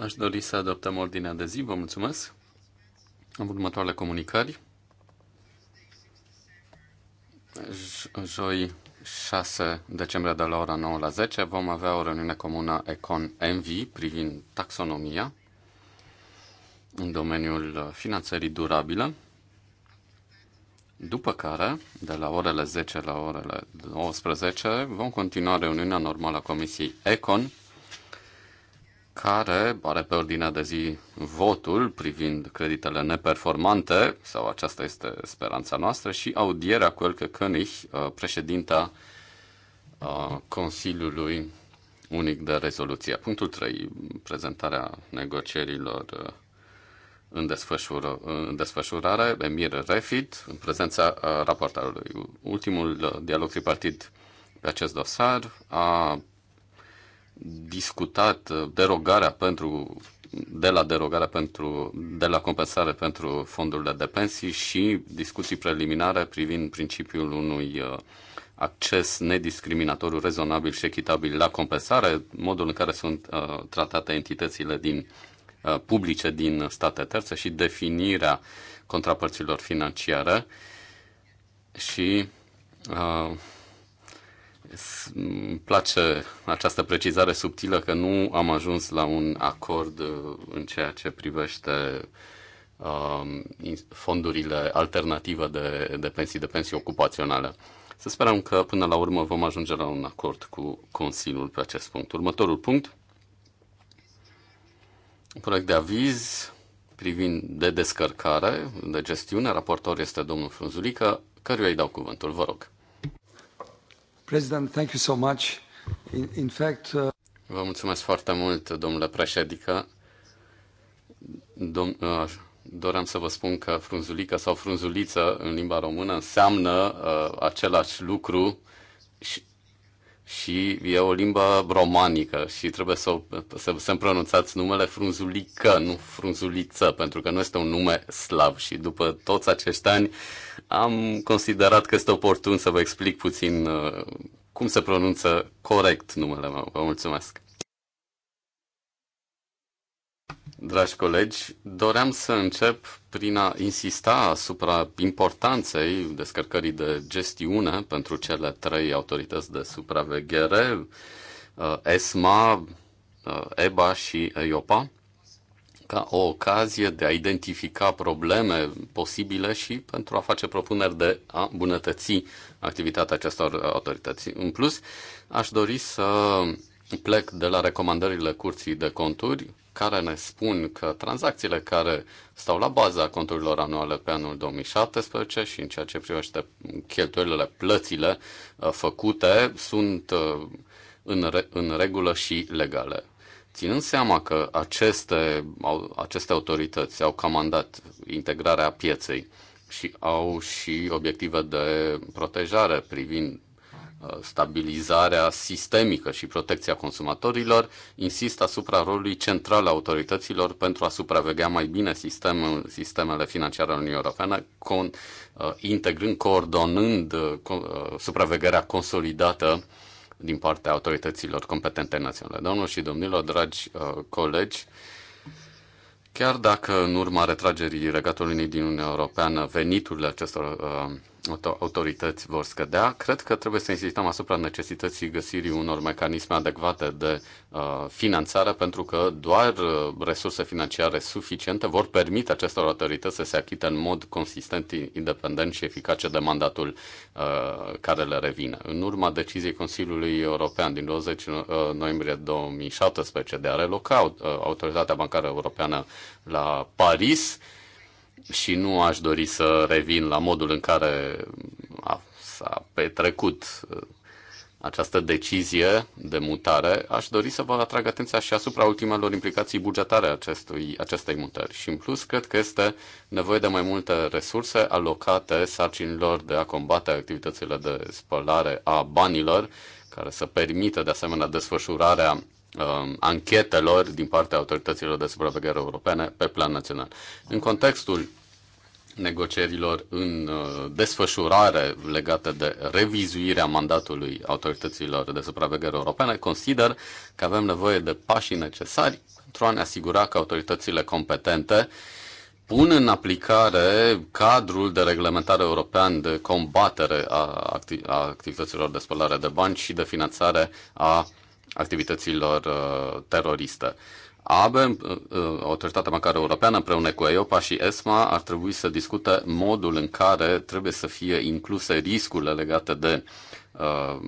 Aș dori să adoptăm ordinea de zi. Vă mulțumesc. Am următoarele comunicări. Joi 6 decembrie de la ora 9 la 10 vom avea o reuniune comună Econ MV privind taxonomia în domeniul finanțării durabile. După care, de la orele 10 la orele 12, vom continua reuniunea normală a Comisiei Econ care are pe ordinea de zi votul privind creditele neperformante, sau aceasta este speranța noastră, și audierea cu Elke König, uh, președinta uh, Consiliului Unic de Rezoluție. Punctul 3. Prezentarea negocierilor uh, în, desfășur, în desfășurare, Emir Refit, în prezența raportarului. Ultimul dialog tripartit pe acest dosar a discutat uh, derogarea pentru de la derogarea pentru, de la compensare pentru fondurile de pensii și discuții preliminare privind principiul unui uh, acces nediscriminatoriu, rezonabil și echitabil la compensare, modul în care sunt uh, tratate entitățile din uh, publice din state terțe și definirea contrapărților financiare și uh, îmi place această precizare subtilă că nu am ajuns la un acord uh, în ceea ce privește um, fondurile alternative de, de pensii, de pensii ocupaționale. Să sperăm că până la urmă vom ajunge la un acord cu Consiliul pe acest punct. Următorul punct, proiect de aviz privind de descărcare, de gestiune, raportor este domnul Frunzulică, căruia îi dau cuvântul, vă rog. President, thank you so much. In, in fact, uh... Vă mulțumesc foarte mult, domnule președică. Dom- uh, doream să vă spun că frunzulică sau frunzuliță în limba română înseamnă uh, același lucru și și e o limbă romanică și trebuie să, să, să pronunțați numele Frunzulică, nu Frunzuliță, pentru că nu este un nume slav și după toți acești ani am considerat că este oportun să vă explic puțin uh, cum se pronunță corect numele meu. Vă mulțumesc! Dragi colegi, doream să încep prin a insista asupra importanței descărcării de gestiune pentru cele trei autorități de supraveghere, uh, ESMA, uh, EBA și EIOPA, ca o ocazie de a identifica probleme posibile și pentru a face propuneri de a îmbunătăți activitatea acestor autorități. În plus, aș dori să plec de la recomandările Curții de Conturi care ne spun că tranzacțiile care stau la baza conturilor anuale pe anul 2017 și în ceea ce privește cheltuielile, plățile uh, făcute sunt uh, în, re- în regulă și legale. Ținând seama că aceste, au, aceste autorități au comandat integrarea pieței și au și obiective de protejare privind Uh, stabilizarea sistemică și protecția consumatorilor, insist asupra rolului central al autorităților pentru a supraveghea mai bine sistemul, sistemele financiare ale Uniunii Europene, con, uh, integrând, coordonând uh, supravegherea consolidată din partea autorităților competente naționale. Domnul și domnilor, dragi colegi, Chiar dacă în urma retragerii Regatului din Uniunea Europeană veniturile acestor uh, autorități vor scădea. Cred că trebuie să insistăm asupra necesității găsirii unor mecanisme adecvate de uh, finanțare, pentru că doar uh, resurse financiare suficiente vor permite acestor autorități să se achite în mod consistent, independent și eficace de mandatul uh, care le revine. În urma deciziei Consiliului European din 20 uh, noiembrie 2017 de a reloca uh, Autoritatea Bancară Europeană la Paris, uh, și nu aș dori să revin la modul în care a, s-a petrecut uh, această decizie de mutare, aș dori să vă atrag atenția și asupra ultimelor implicații bugetare acestui, acestei mutări. Și în plus, cred că este nevoie de mai multe resurse alocate sarcinilor de a combate activitățile de spălare a banilor, care să permită de asemenea desfășurarea uh, anchetelor din partea autorităților de supraveghere europene pe plan național. În contextul negocierilor în uh, desfășurare legate de revizuirea mandatului autorităților de supraveghere europene, consider că avem nevoie de pașii necesari pentru a ne asigura că autoritățile competente pun în aplicare cadrul de reglementare european de combatere a, acti- a activităților de spălare de bani și de finanțare a activităților uh, teroriste. ABE, Autoritatea Bancară Europeană, împreună cu EIOPA și ESMA, ar trebui să discute modul în care trebuie să fie incluse riscurile legate de uh,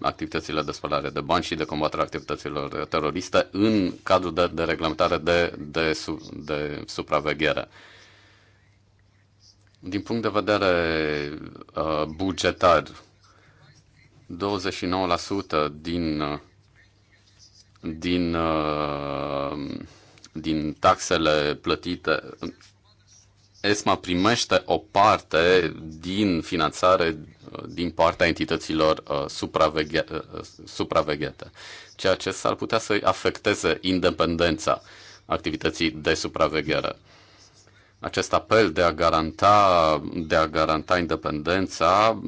activitățile de spălare de bani și de combaterea activităților teroriste în cadrul de, de reglementare de, de, de supraveghere. Din punct de vedere uh, bugetar, 29% din uh, din, uh, din taxele plătite, ESMA primește o parte din finanțare uh, din partea entităților uh, supraveghe- supraveghete, ceea ce s-ar putea să afecteze independența activității de supraveghere acest apel de a garanta, de a garanta independența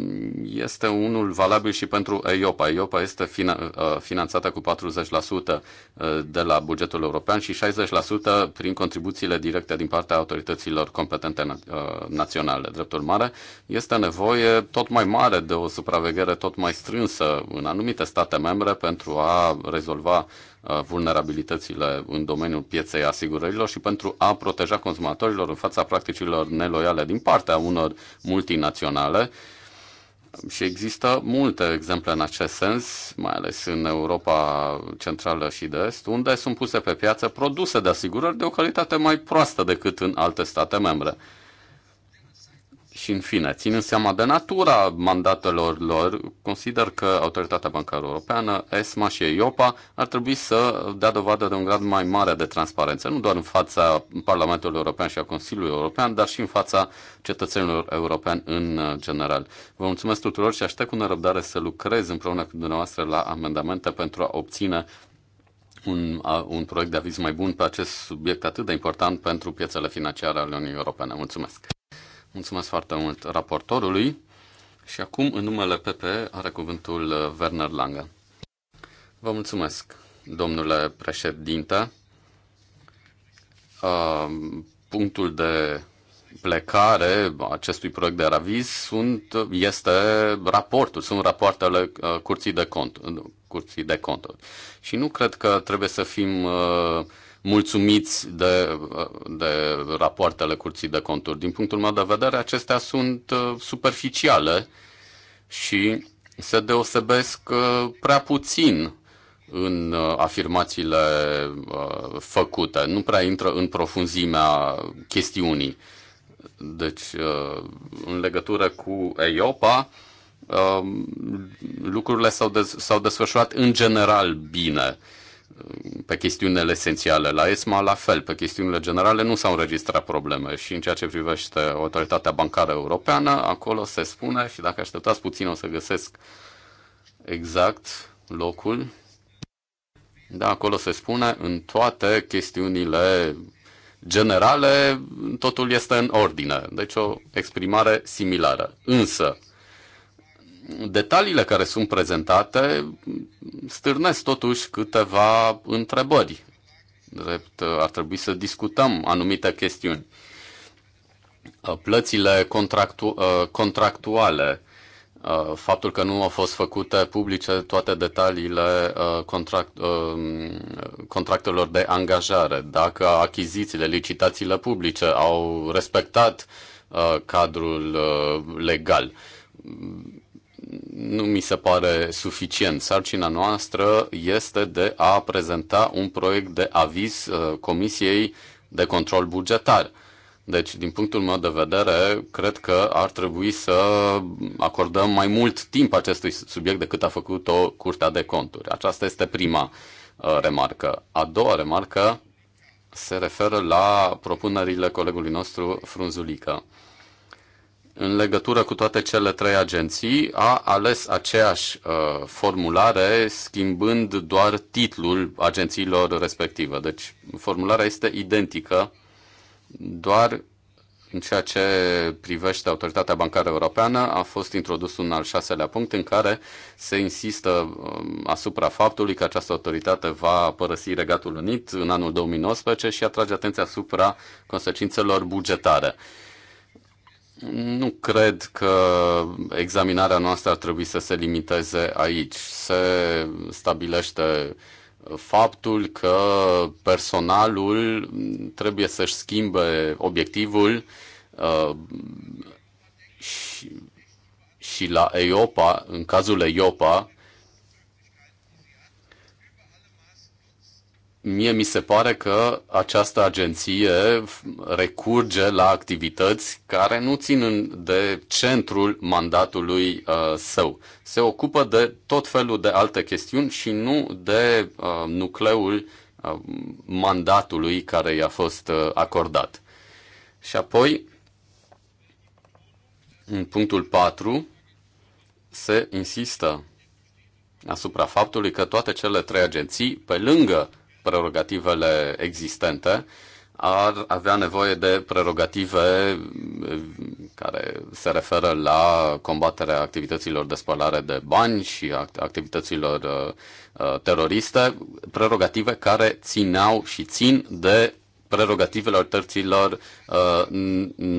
este unul valabil și pentru EIOPA. EIOPA este fina, uh, finanțată cu 40% uh, de la bugetul european și 60% prin contribuțiile directe din partea autorităților competente uh, naționale. Drept urmare, este nevoie tot mai mare de o supraveghere tot mai strânsă în anumite state membre pentru a rezolva Uh, vulnerabilitățile în domeniul pieței asigurărilor și pentru a proteja consumatorilor în fața practicilor neloiale din partea unor multinaționale. Și există multe exemple în acest sens, mai ales în Europa Centrală și de Est, unde sunt puse pe piață produse de asigurări de o calitate mai proastă decât în alte state membre. Și în fine, ținând seama de natura mandatelor lor, consider că Autoritatea Bancară Europeană, ESMA și EIOPA ar trebui să dea dovadă de un grad mai mare de transparență, nu doar în fața Parlamentului European și a Consiliului European, dar și în fața cetățenilor europeni în general. Vă mulțumesc tuturor și aștept cu nerăbdare să lucrez împreună cu dumneavoastră la amendamente pentru a obține un, un proiect de aviz mai bun pe acest subiect atât de important pentru piețele financiare ale Uniunii Europene. Mulțumesc! Mulțumesc foarte mult raportorului. Și acum, în numele PP, are cuvântul uh, Werner Lange. Vă mulțumesc, domnule președinte. Uh, punctul de plecare acestui proiect de raviz sunt, este raportul, sunt rapoartele uh, curții de, cont, curții de conturi. Și nu cred că trebuie să fim uh, mulțumiți de, de rapoartele curții de conturi. Din punctul meu de vedere, acestea sunt uh, superficiale și se deosebesc uh, prea puțin în uh, afirmațiile făcute. Nu prea intră în profunzimea chestiunii. Deci, în legătură cu EIOPA, lucrurile s-au, s-au desfășurat în general bine pe chestiunile esențiale. La ESMA, la fel, pe chestiunile generale nu s-au înregistrat probleme și în ceea ce privește Autoritatea Bancară Europeană, acolo se spune și dacă așteptați puțin o să găsesc exact locul. Da, acolo se spune în toate chestiunile generale totul este în ordine, deci o exprimare similară. Însă, detaliile care sunt prezentate stârnesc totuși câteva întrebări. Drept, ar trebui să discutăm anumite chestiuni. Uh, plățile contractu- uh, contractuale, uh, faptul că nu au fost făcute publice toate detaliile contract, contractelor de angajare, dacă achizițiile, licitațiile publice au respectat cadrul legal nu mi se pare suficient. Sarcina noastră este de a prezenta un proiect de aviz uh, Comisiei de Control Bugetar. Deci, din punctul meu de vedere, cred că ar trebui să acordăm mai mult timp acestui subiect decât a făcut-o Curtea de Conturi. Aceasta este prima uh, remarcă. A doua remarcă se referă la propunerile colegului nostru Frunzulică în legătură cu toate cele trei agenții, a ales aceeași uh, formulare, schimbând doar titlul agențiilor respective. Deci, formularea este identică, doar în ceea ce privește Autoritatea Bancară Europeană, a fost introdus un al șaselea punct în care se insistă um, asupra faptului că această autoritate va părăsi Regatul Unit în anul 2019 și atrage atenția asupra consecințelor bugetare nu cred că examinarea noastră ar trebui să se limiteze aici. Se stabilește faptul că personalul trebuie să-și schimbe obiectivul uh, și, și la EIOPA, în cazul EIOPA, Mie mi se pare că această agenție recurge la activități care nu țin de centrul mandatului uh, său. Se ocupă de tot felul de alte chestiuni și nu de uh, nucleul uh, mandatului care i-a fost uh, acordat. Și apoi, în punctul 4, se insistă asupra faptului că toate cele trei agenții, pe lângă prerogativele existente, ar avea nevoie de prerogative eh, care se referă la combaterea activităților de spălare de bani și activităților eh, eh, teroriste, prerogative care țineau și țin de prerogativele terților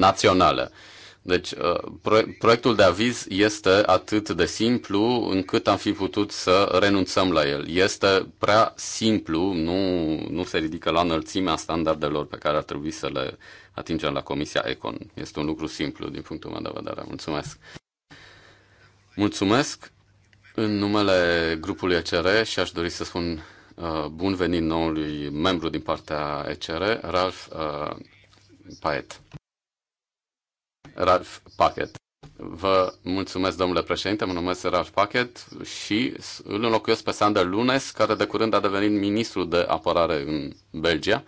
naționale. Deci, uh, proiectul de aviz este atât de simplu încât am fi putut să renunțăm la el. Este prea simplu, nu, nu se ridică la înălțimea standardelor pe care ar trebui să le atingem la Comisia Econ. Este un lucru simplu din punctul meu de vedere. Mulțumesc! Mulțumesc în numele grupului ECR și aș dori să spun uh, bun venit noului membru din partea ECR, Ralph uh, Paet. Ralph Packet. Vă mulțumesc, domnule președinte, mă numesc Ralph Packet și îl înlocuiesc pe Sander Lunes, care de curând a devenit ministru de apărare în Belgia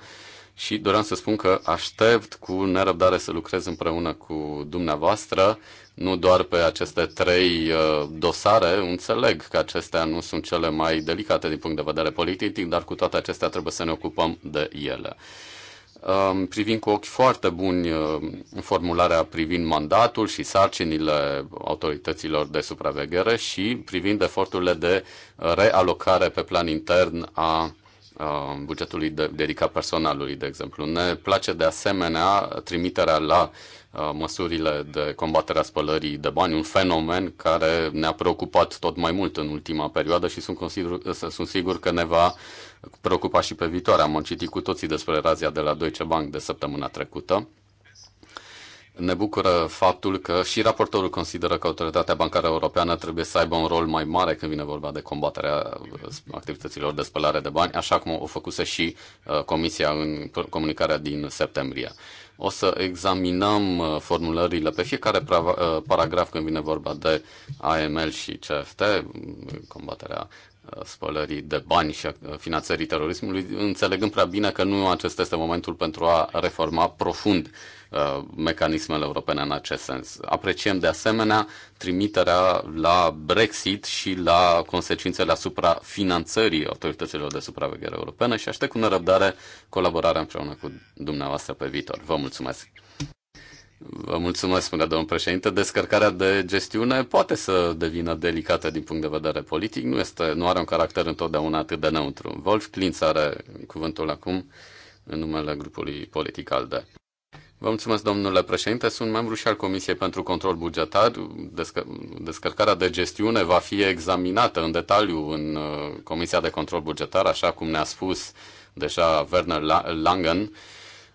și doream să spun că aștept cu nerăbdare să lucrez împreună cu dumneavoastră, nu doar pe aceste trei uh, dosare, înțeleg că acestea nu sunt cele mai delicate din punct de vedere politic, dar cu toate acestea trebuie să ne ocupăm de ele. Um, privind cu ochi foarte buni uh, formularea privind mandatul și sarcinile autorităților de supraveghere și privind eforturile de realocare pe plan intern a uh, bugetului de, dedicat personalului, de exemplu. Ne place de asemenea trimiterea la uh, măsurile de combatere a spălării de bani, un fenomen care ne-a preocupat tot mai mult în ultima perioadă și sunt, consider, sunt sigur că ne va preocupa și pe viitoare. Am citit cu toții despre razia de la Deutsche Bank de săptămâna trecută. Ne bucură faptul că și raportorul consideră că Autoritatea Bancară Europeană trebuie să aibă un rol mai mare când vine vorba de combaterea uh, activităților de spălare de bani, așa cum o făcuse și uh, Comisia în comunicarea din septembrie. O să examinăm uh, formulările pe fiecare paragraf când vine vorba de AML și CFT, mm, combaterea Uh, spălării de bani și uh, finanțării terorismului, înțelegând prea bine că nu acesta este momentul pentru a reforma profund uh, mecanismele europene în acest sens. Apreciem de asemenea trimiterea la Brexit și la consecințele asupra finanțării autorităților de supraveghere europene și aștept cu nerăbdare colaborarea împreună cu dumneavoastră pe viitor. Vă mulțumesc! Vă mulțumesc, spunea domnul președinte. Descărcarea de gestiune poate să devină delicată din punct de vedere politic, nu, este, nu are un caracter întotdeauna atât de neutru. Wolf Klintz are cuvântul acum în numele grupului politic al de. Vă mulțumesc, domnule președinte. Sunt membru și al Comisiei pentru Control Bugetar. Descă- descărcarea de gestiune va fi examinată în detaliu în uh, Comisia de Control Bugetar, așa cum ne-a spus deja Werner Langen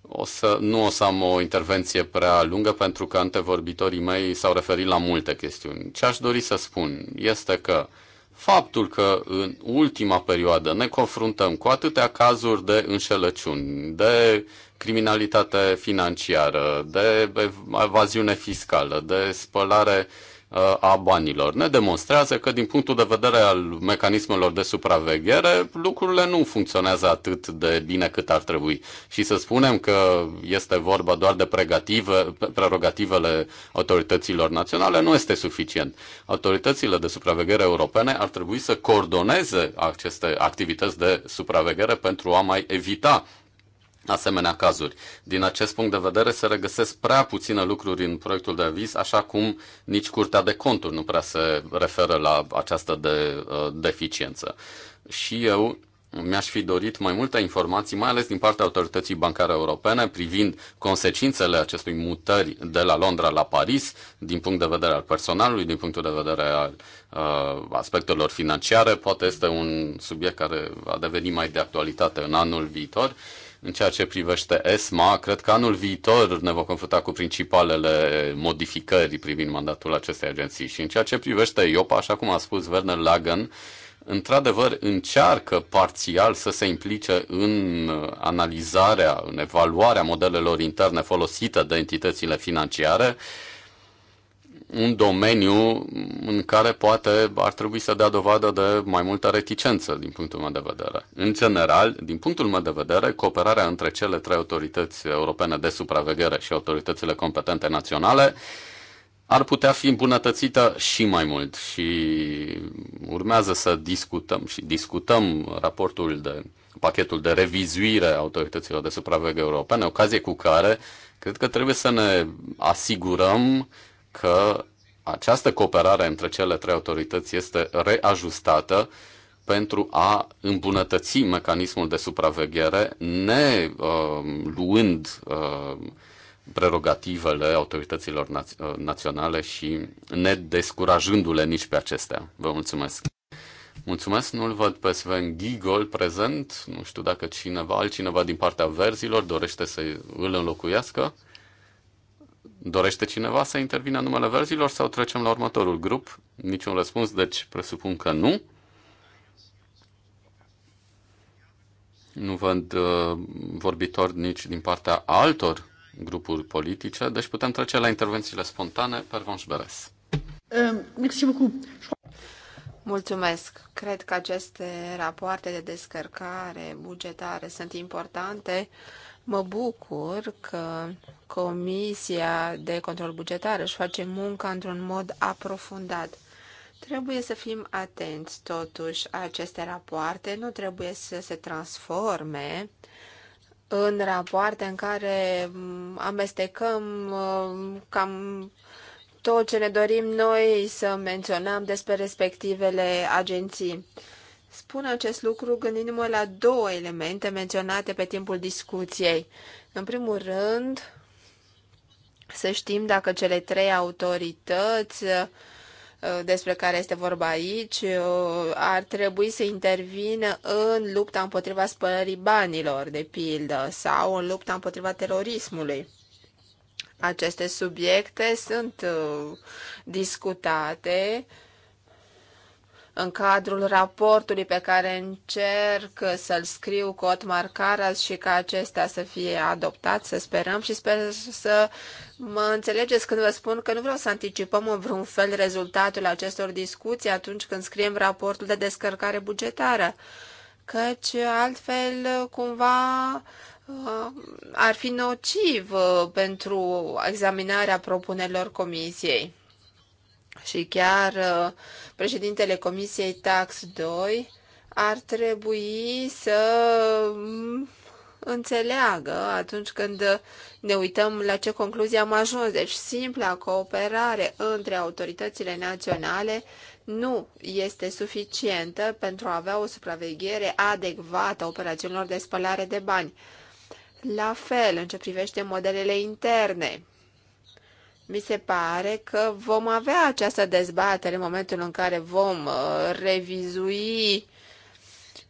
o să, nu o să am o intervenție prea lungă pentru că antevorbitorii mei s-au referit la multe chestiuni. Ce aș dori să spun este că faptul că în ultima perioadă ne confruntăm cu atâtea cazuri de înșelăciuni, de criminalitate financiară, de evaziune fiscală, de spălare uh, a banilor. Ne demonstrează că din punctul de vedere al mecanismelor de supraveghere lucrurile nu funcționează atât de bine cât ar trebui. Și să spunem că este vorba doar de pregative, prerogativele autorităților naționale nu este suficient. Autoritățile de supraveghere europene ar trebui să coordoneze aceste activități de supraveghere pentru a mai evita asemenea cazuri. Din acest punct de vedere se regăsesc prea puține lucruri în proiectul de aviz, așa cum nici Curtea de Conturi nu prea se referă la această de, uh, deficiență. Și eu mi-aș fi dorit mai multe informații, mai ales din partea autorității bancare europene, privind consecințele acestui mutări de la Londra la Paris, din punct de vedere al personalului, din punctul de vedere al uh, aspectelor financiare. Poate este un subiect care va deveni mai de actualitate în anul viitor. Uh, în ceea ce privește ESMA, cred că anul viitor ne vom confrunta cu principalele modificări privind mandatul acestei agenții. Și în ceea ce privește IOPA, așa cum a spus Werner Lagan, într-adevăr încearcă parțial să se implice în analizarea, în evaluarea modelelor interne folosite de entitățile financiare, uh, un domeniu în care poate ar trebui să dea dovadă de mai multă reticență din punctul meu de vedere. În general, din punctul meu de vedere, cooperarea între cele trei autorități europene de supraveghere și autoritățile competente naționale ar putea fi îmbunătățită și mai mult și urmează să discutăm și discutăm raportul de pachetul de revizuire a autorităților de supraveghere europene, ocazie cu care cred că trebuie să ne asigurăm că această cooperare între cele trei autorități este reajustată pentru a îmbunătăți mecanismul de supraveghere, ne uh, luând uh, prerogativele autorităților naț- uh, naționale și ne descurajându-le nici pe acestea. Vă mulțumesc! Mulțumesc, nu-l văd pe Sven Gigol prezent. Nu știu dacă cineva, altcineva din partea verzilor dorește să îl înlocuiască. Dorește cineva să intervină în numele verzilor sau trecem la următorul grup? Niciun răspuns, deci presupun că nu. Nu văd uh, vorbitori nici din partea altor grupuri politice, deci putem trece la intervențiile spontane. Pervanș Beres. Uh, Mulțumesc. Cred că aceste rapoarte de descărcare bugetare sunt importante Mă bucur că Comisia de Control Bugetar își face munca într-un mod aprofundat. Trebuie să fim atenți, totuși, aceste rapoarte nu trebuie să se transforme în rapoarte în care mm, amestecăm mm, cam tot ce ne dorim noi să menționăm despre respectivele agenții. Spun acest lucru gândindu-mă la două elemente menționate pe timpul discuției. În primul rând, să știm dacă cele trei autorități uh, despre care este vorba aici uh, ar trebui să intervină în lupta împotriva spălării banilor, de pildă, sau în lupta împotriva terorismului. Aceste subiecte sunt uh, discutate uh, în cadrul raportului pe care încerc să-l scriu cu Otmar Caras și ca acesta să fie adoptat, să sperăm și sper să mă înțelegeți când vă spun că nu vreau să anticipăm în vreun fel rezultatul acestor discuții atunci când scriem raportul de descărcare bugetară, căci altfel cumva uh, ar fi nociv uh, pentru examinarea propunerilor comisiei și chiar uh, președintele Comisiei Tax 2 ar trebui să mm, înțeleagă atunci când ne uităm la ce concluzie am ajuns. Deci simpla cooperare între autoritățile naționale nu este suficientă pentru a avea o supraveghere adecvată a operațiunilor de spălare de bani. La fel, în ce privește modelele interne, mi se pare că vom avea această dezbatere în momentul în care vom uh, revizui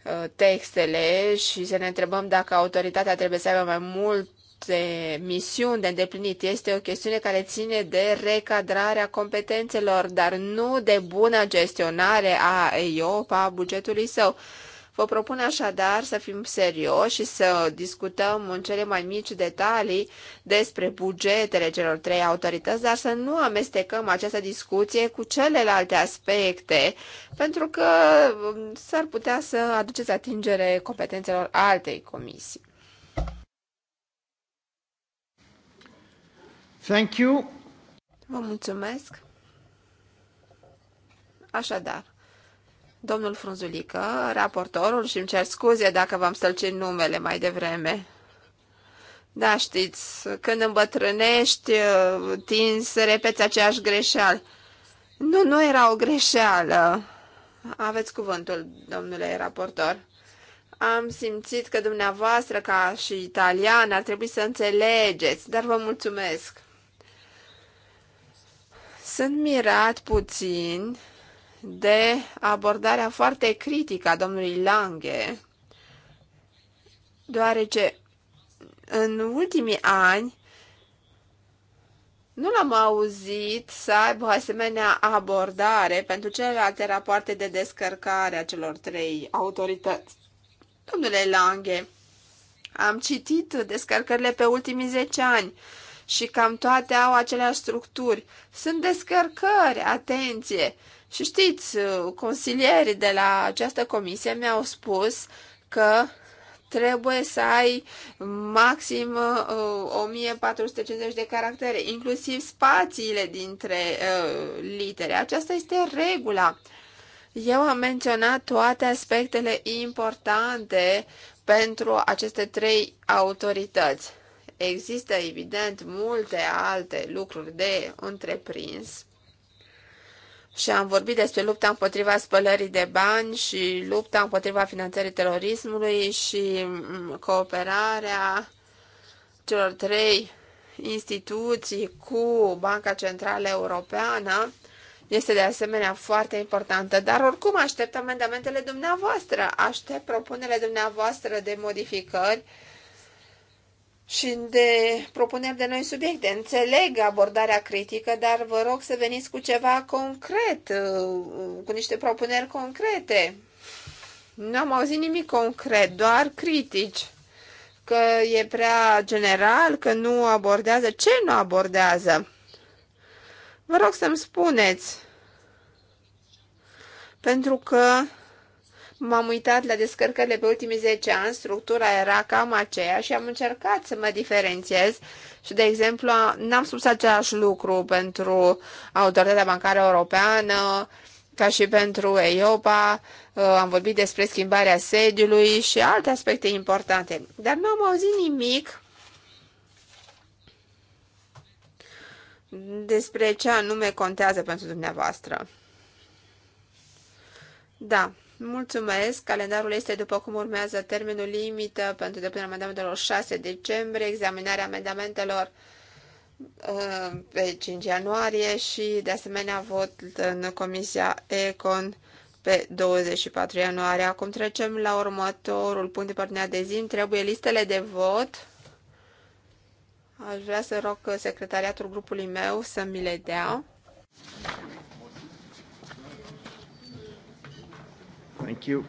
uh, textele și să ne întrebăm dacă autoritatea trebuie să aibă mai multe misiuni de îndeplinit. Este o chestiune care ține de recadrarea competențelor, dar nu de bună gestionare a EIOPA a bugetului său. Vă propun așadar să fim serioși și să discutăm în cele mai mici detalii despre bugetele celor trei autorități, dar să nu amestecăm această discuție cu celelalte aspecte, pentru că um, s-ar putea să aduceți atingere competențelor altei comisii. Thank you. Vă mulțumesc. Așadar, Domnul Frunzulică, raportorul, și mi cer scuze dacă v-am stălcit numele mai devreme. Da, știți, când îmbătrânești, tinzi să repeți aceeași greșeală. Nu, nu era o greșeală. Aveți cuvântul, domnule raportor. Am simțit că dumneavoastră, ca și italian, ar trebui să înțelegeți, dar vă mulțumesc. Sunt mirat puțin de abordarea foarte critică a domnului Lange, deoarece în ultimii ani nu l-am auzit să aibă o asemenea abordare pentru celelalte rapoarte de descărcare a celor trei autorități. Domnule Lange, am citit descărcările pe ultimii 10 ani și cam toate au aceleași structuri. Sunt descărcări, atenție! Și știți, consilierii de la această comisie mi-au spus că trebuie să ai maxim 1450 uh, de caractere, inclusiv spațiile dintre uh, litere. Aceasta este regula. Eu am menționat toate aspectele importante pentru aceste trei autorități. Există, evident, multe alte lucruri de întreprins, și am vorbit despre lupta împotriva spălării de bani și lupta împotriva finanțării terorismului și mm, cooperarea celor trei instituții cu Banca Centrală Europeană este de asemenea foarte importantă. Dar oricum aștept amendamentele dumneavoastră, aștept propunerile dumneavoastră de modificări și de propuneri de noi subiecte. Înțeleg abordarea critică, dar vă rog să veniți cu ceva concret, uh, cu niște propuneri concrete. Nu am auzit nimic concret, doar critici. Că e prea general, că nu abordează. Ce nu abordează? Vă rog să-mi spuneți. Pentru că M-am uitat la descărcările pe ultimii 10 ani, structura era cam aceea și am încercat să mă diferențiez și, de exemplu, n-am spus același lucru pentru Autoritatea Bancară Europeană, ca și pentru EIOPA, am vorbit despre schimbarea sediului și alte aspecte importante, dar nu am auzit nimic despre ce anume contează pentru dumneavoastră. Da, Mulțumesc. Calendarul este după cum urmează termenul limită pentru depunerea amendamentelor 6 decembrie, examinarea amendamentelor uh, pe 5 ianuarie și de asemenea vot în Comisia Econ pe 24 ianuarie. Acum trecem la următorul punct de pornire de zi. Trebuie listele de vot. Aș vrea să rog secretariatul grupului meu să mi le dea. Thank you.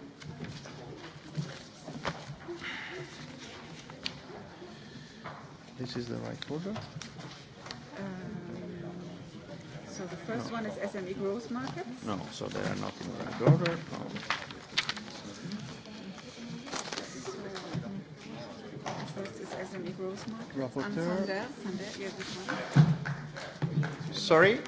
This is the right order. Um, so the first no. one is SME growth markets? No, so they are not in the right order. No. First is SME growth markets. Rapporteur. Sander, Sander, Sorry?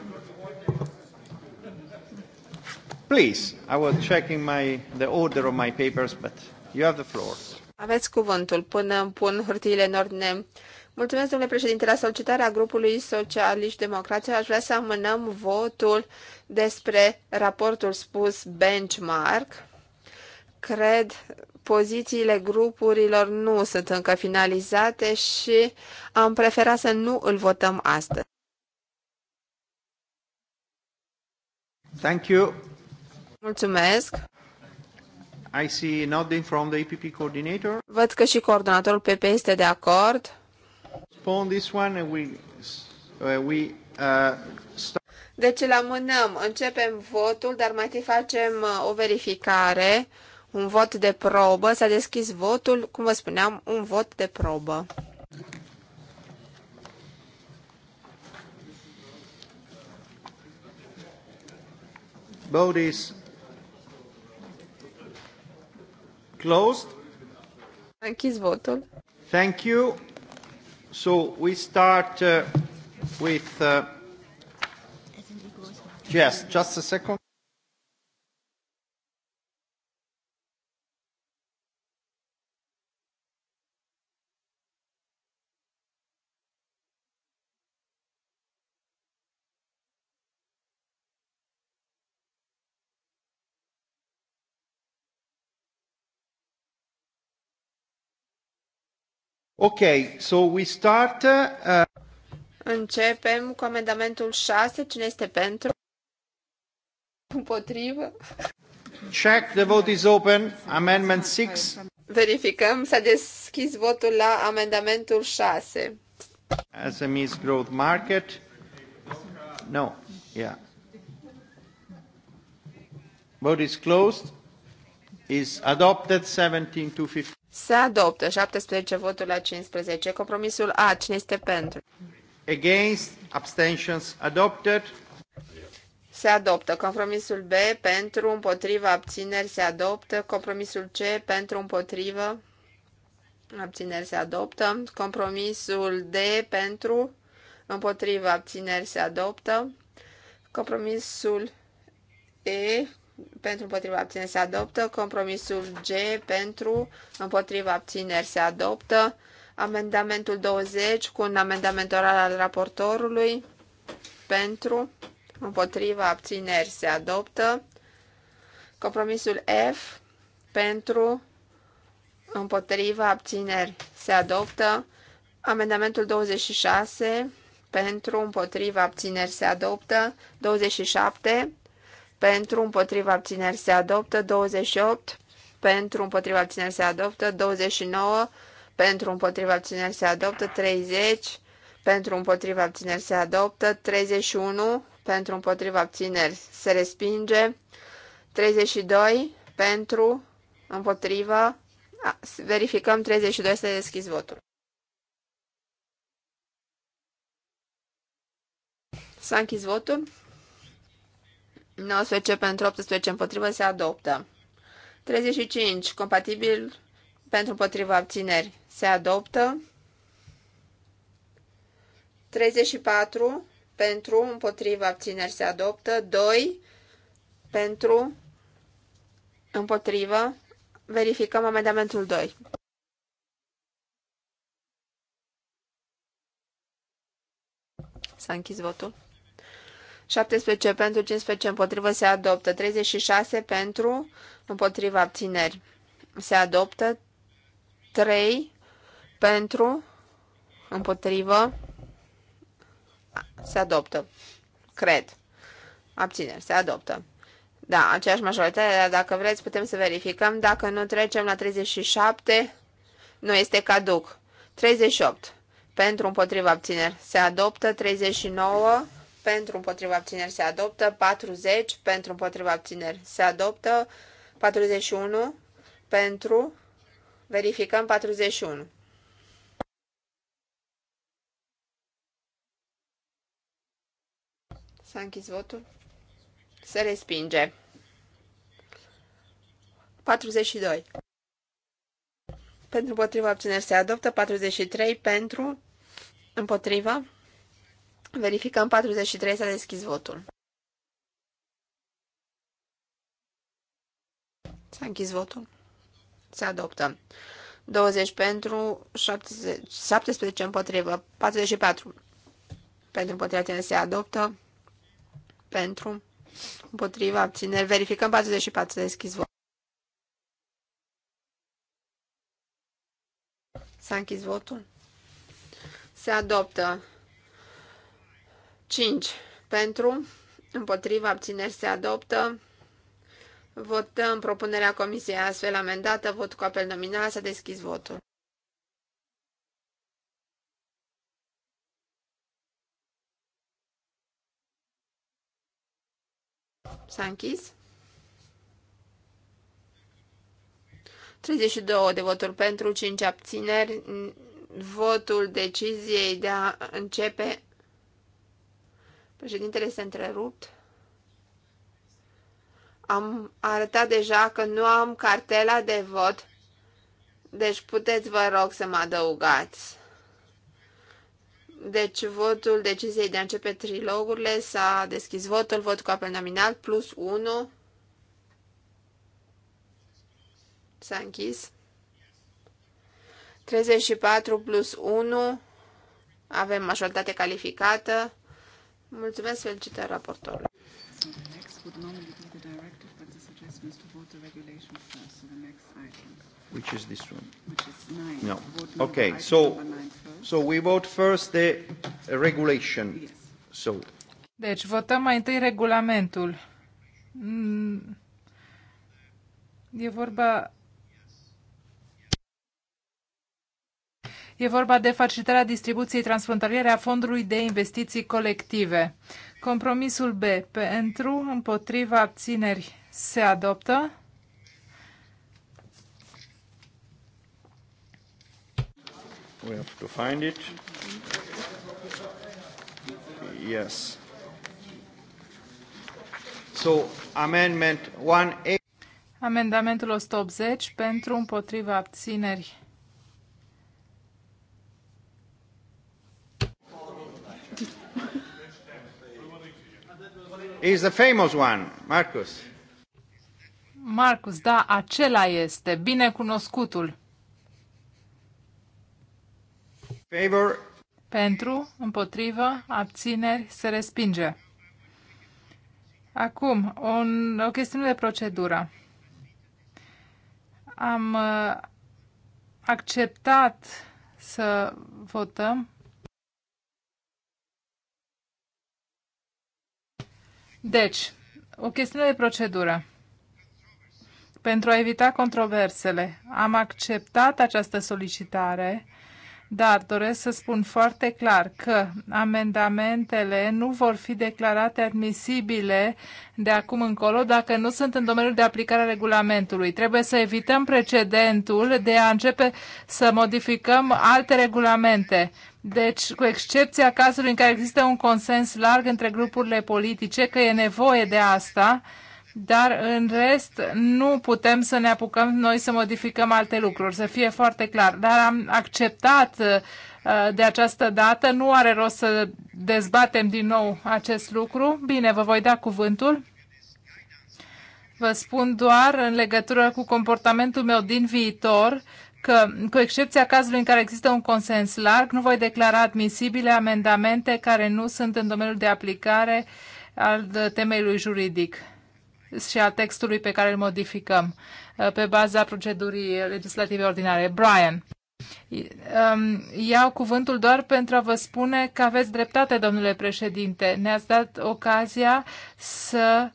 Please, I was checking my, the order of my papers, but you have the floor. Aveți cuvântul până îmi pun hârtiile în ordine. Mulțumesc, domnule președinte. La solicitarea grupului Socialiști Democrați aș vrea să amânăm votul despre raportul spus benchmark. Cred pozițiile grupurilor nu sunt încă finalizate și am preferat să nu îl votăm astăzi. Thank you. Mulțumesc. I see nodding from the EPP coordinator. Văd că și coordonatorul PP este de acord. This one and we, uh, we, uh, Deci la mânăm, începem votul, dar mai întâi facem uh, o verificare, un vot de probă. S-a deschis votul, cum vă spuneam, un vot de probă. Vote is Closed. închis votul. Thank you. So we start uh, with uh, yes, just a second. Ok, so we start... Uh... Începem cu amendamentul 6. Cine este pentru? Împotrivă? Check, the vote is open. Amendment 6. Verificăm, s-a deschis votul la amendamentul 6. SMEs growth market. No, yeah. Vote is closed. Is adopted 17 to 15. Se adoptă 17 voturi la 15. Compromisul A. Cine este pentru? Against. Abstentions adopted. Se adoptă compromisul B pentru împotriva abțineri se adoptă, compromisul C pentru împotrivă abțineri se adoptă, compromisul D pentru împotriva abțineri se adoptă, compromisul E pentru împotriva abțineri se adoptă, compromisul G pentru împotriva abțineri se adoptă, amendamentul 20 cu un amendament oral al raportorului pentru împotriva abțineri se adoptă, compromisul F pentru împotriva abțineri se adoptă, amendamentul 26 pentru împotriva abțineri se adoptă, 27 pentru, împotriva abțineri se adoptă, 28 pentru, împotriva abțineri se adoptă, 29 pentru, împotriva abțineri se adoptă, 30 pentru, împotriva abțineri se adoptă, 31 pentru, împotriva abțineri se respinge, 32 pentru, împotriva, verificăm 32 să deschizi votul. S-a închis votul. 19 pentru 18 împotrivă se adoptă. 35. Compatibil pentru împotrivă abțineri se adoptă. 34. Pentru împotrivă abțineri se adoptă. 2. Pentru împotrivă. Verificăm amendamentul 2. S-a închis votul. 17 pentru, 15 împotrivă se adoptă. 36 pentru, împotriva abțineri se adoptă. 3 pentru, împotrivă se adoptă. Cred. Abțineri se adoptă. Da, aceeași majoritate, dar dacă vreți putem să verificăm. Dacă nu trecem la 37, nu este caduc. 38 pentru împotriva abțineri se adoptă. 39 pentru împotriva abțineri se adoptă, 40 pentru împotriva abțineri se adoptă, 41 pentru, verificăm 41. S-a închis votul. Se respinge. 42. Pentru împotriva abțineri se adoptă, 43 pentru împotriva Verificăm 43, s-a deschis votul. S-a închis votul. Se adoptă. 20 pentru, 70, 17 împotrivă, 44 pentru împotriva se adoptă, pentru împotriva abțineri. Verificăm 44, s-a deschis votul. S-a închis votul. Se adoptă. 5 pentru, împotriva abțineri se adoptă. Votăm propunerea comisiei astfel amendată. Vot cu apel nominal. S-a deschis votul. S-a închis. 32 de voturi pentru, 5 abțineri. Votul deciziei de a începe Președintele este întrerupt. Am arătat deja că nu am cartela de vot, deci puteți, vă rog, să mă adăugați. Deci votul deciziei de a începe trilogurile s-a deschis votul, vot cu apel nominal, plus 1. S-a închis. 34 plus 1. Avem majoritate calificată. Mulțumesc, felicitări raportorului. Which is this one? No. Okay, so, so we vote first the regulation. So. Deci votăm mai întâi regulamentul. Mm. E vorba E vorba de facilitarea distribuției transfrontaliere a fondului de investiții colective. Compromisul B. Pentru, împotriva, abțineri se adoptă. We have to find it. Yes. So, amendment 1A. Amendamentul 180 pentru împotriva abțineri is the famous one, Marcus. Marcus, da, acela este, bine cunoscutul. Favor. Pentru, împotrivă, abțineri, se respinge. Acum, un, o chestiune de procedură. Am uh, acceptat să votăm Deci, o chestiune de procedură. Pentru a evita controversele, am acceptat această solicitare dar doresc să spun foarte clar că amendamentele nu vor fi declarate admisibile de acum încolo dacă nu sunt în domeniul de aplicare a regulamentului. Trebuie să evităm precedentul de a începe să modificăm alte regulamente. Deci, cu excepția cazului în care există un consens larg între grupurile politice că e nevoie de asta, dar în rest nu putem să ne apucăm noi să modificăm alte lucruri, să fie foarte clar. Dar am acceptat uh, de această dată, nu are rost să dezbatem din nou acest lucru. Bine, vă voi da cuvântul. Vă spun doar în legătură cu comportamentul meu din viitor că, cu excepția cazului în care există un consens larg, nu voi declara admisibile amendamente care nu sunt în domeniul de aplicare al temeiului juridic și a textului pe care îl modificăm uh, pe baza procedurii legislative ordinare. Brian. Um, iau cuvântul doar pentru a vă spune că aveți dreptate, domnule președinte. Ne-ați dat ocazia să,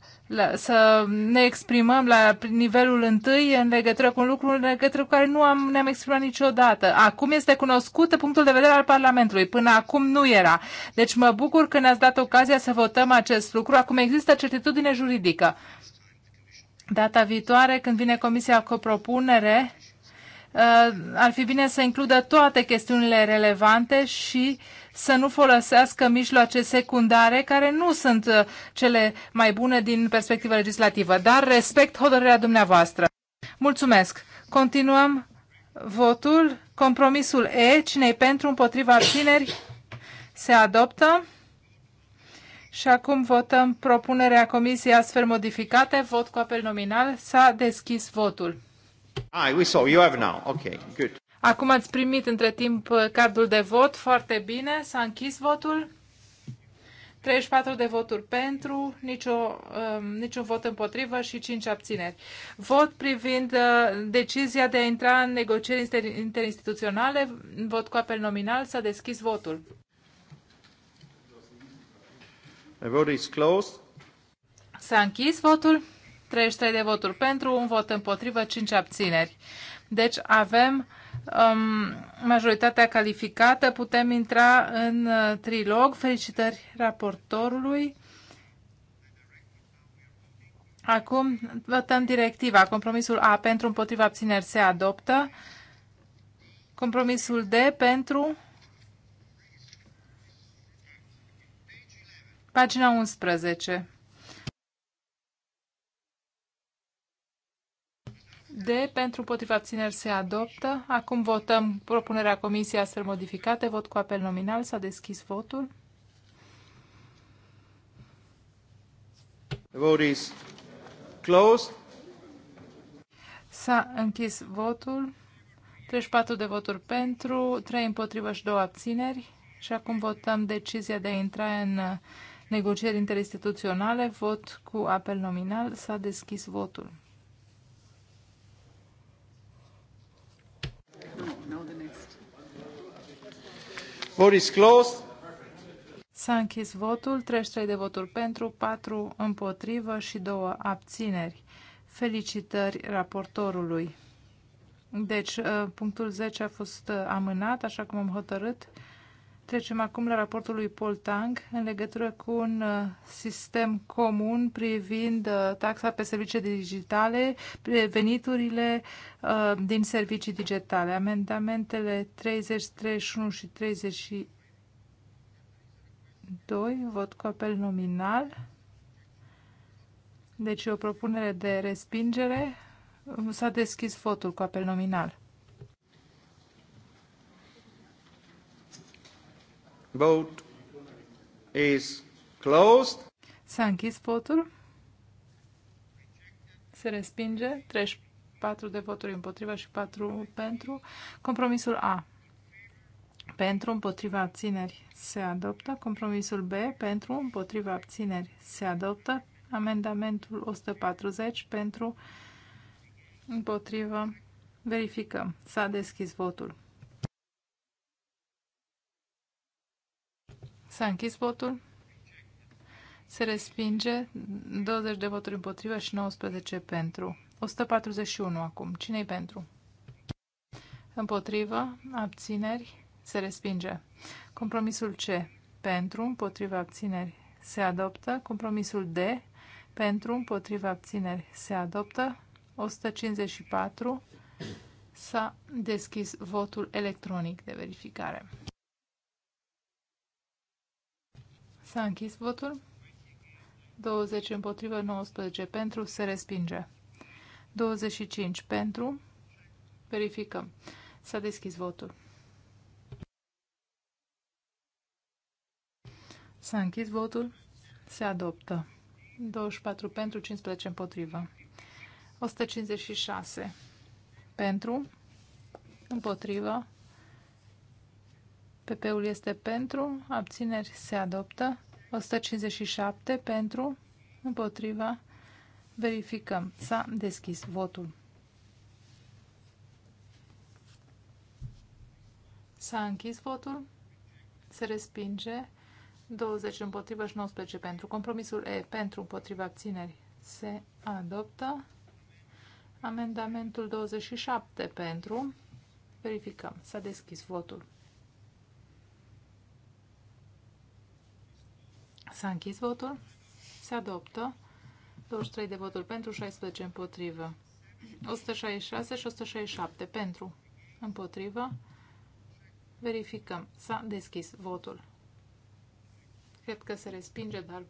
să ne exprimăm la nivelul întâi în legătură cu un lucru în legătură cu care nu am, ne-am exprimat niciodată. Acum este cunoscut punctul de vedere al Parlamentului. Până acum nu era. Deci mă bucur că ne-ați dat ocazia să votăm acest lucru. Acum există certitudine juridică. Data viitoare, când vine Comisia cu o propunere, uh, ar fi bine să includă toate chestiunile relevante și să nu folosească mijloace secundare care nu sunt uh, cele mai bune din perspectivă legislativă, dar respect hotărârea dumneavoastră. Mulțumesc. Continuăm votul. Compromisul E. Cine-i pentru, împotriva, abțineri? Se adoptă. Și acum votăm propunerea comisiei astfel modificate. Vot cu apel nominal. S-a deschis votul. Ah, we saw. You have now. Okay, good. Acum ați primit între timp uh, cardul de vot. Foarte bine. S-a închis votul. 34 de voturi pentru, nicio, um, niciun vot împotrivă și 5 abțineri. Vot privind uh, decizia de a intra în negocieri interinstituționale, vot cu apel nominal, s-a deschis votul. The vote is closed. S-a închis votul. 33 de voturi pentru, un vot împotrivă, 5 abțineri. Deci avem um, majoritatea calificată, putem intra în uh, trilog. Felicitări raportorului. Acum votăm directiva. Compromisul A pentru împotriva abțineri se adoptă. Compromisul D pentru Pagina 11. D. Pentru potriva țineri se adoptă. Acum votăm propunerea comisiei astfel modificate. Vot cu apel nominal. S-a deschis votul. The vote is closed. S-a închis votul. 34 de voturi pentru, 3 împotrivă și 2 abțineri. Și acum votăm decizia de a intra în negocieri interinstituționale, vot cu apel nominal, s-a deschis votul. Vote is closed. S-a închis votul, 33 de voturi pentru, 4 împotrivă și 2 abțineri. Felicitări raportorului. Deci, uh, punctul 10 a fost uh, amânat, așa cum am hotărât. Trecem acum la raportul lui Paul Tang în legătură cu un uh, sistem comun privind uh, taxa pe servicii digitale, veniturile uh, din servicii digitale. Amendamentele 30, 31 și 32, vot cu apel nominal. Deci e o propunere de respingere. S-a deschis votul cu apel nominal. Vote is closed. S-a închis votul. Se respinge. 34 de voturi împotriva și 4 pentru. Compromisul A. Pentru, împotriva abțineri se adoptă. Compromisul B. Pentru, împotriva abțineri se adoptă. Amendamentul 140 pentru, împotriva. Verificăm. S-a deschis votul. S-a închis votul. Se respinge 20 de voturi împotrivă și 19 pentru. 141 acum. Cine-i pentru? Împotrivă, abțineri, se respinge. Compromisul C. Pentru, împotrivă, abțineri, se adoptă. Compromisul D. Pentru, împotrivă, abțineri, se adoptă. 154. S-a deschis votul electronic de verificare. S-a închis votul. 20 împotrivă, 19 pentru, se respinge. 25 pentru, verificăm. S-a deschis votul. S-a închis votul. Se adoptă. 24 pentru, 15 împotrivă. 156 pentru, împotrivă, PP-ul este pentru, abțineri se adoptă. 157 pentru, împotriva, verificăm. S-a deschis votul. S-a închis votul. Se respinge. 20 împotriva și 19 pentru. Compromisul E pentru împotriva abțineri se adoptă. Amendamentul 27 pentru. Verificăm. S-a deschis votul. S-a închis votul. Se adoptă. 23 de voturi pentru, 16 împotrivă. 166 și 167 pentru, împotrivă. Verificăm. S-a deschis votul. Cred că se respinge, dar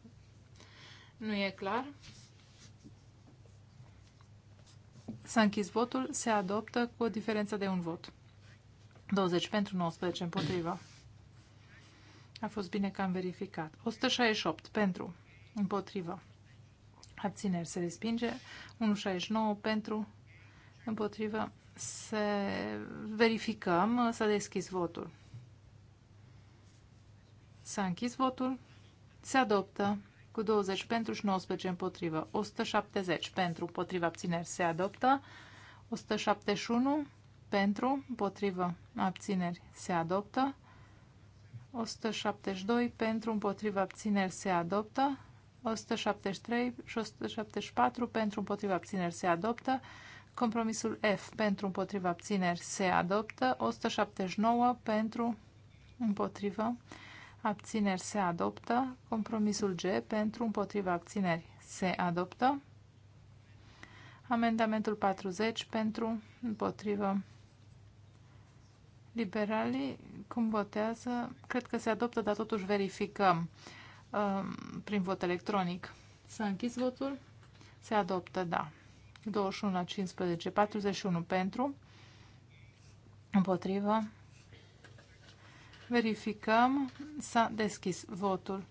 nu e clar. S-a închis votul, se adoptă cu o diferență de un vot. 20 pentru, 19 împotriva. A fost bine că am verificat. 168 pentru, împotrivă, abțineri se respinge. 169 pentru, împotrivă, se verificăm, s-a deschis votul. S-a închis votul, se adoptă cu 20 pentru și 19 împotrivă, 170 pentru, împotriva abțineri se adoptă, 171 pentru, împotrivă abțineri se adoptă, 172 pentru împotriva abțineri se adoptă. 173 și 174 pentru împotriva abțineri se adoptă. Compromisul F pentru împotriva abțineri se adoptă. 179 pentru împotriva abțineri se adoptă. Compromisul G pentru împotriva abțineri se adoptă. Amendamentul 40 pentru împotriva Liberalii cum votează? Cred că se adoptă, dar totuși verificăm uh, prin vot electronic. S-a închis votul? Se adoptă, da. 21 la 15, 41 pentru, împotrivă. Verificăm, s-a deschis votul.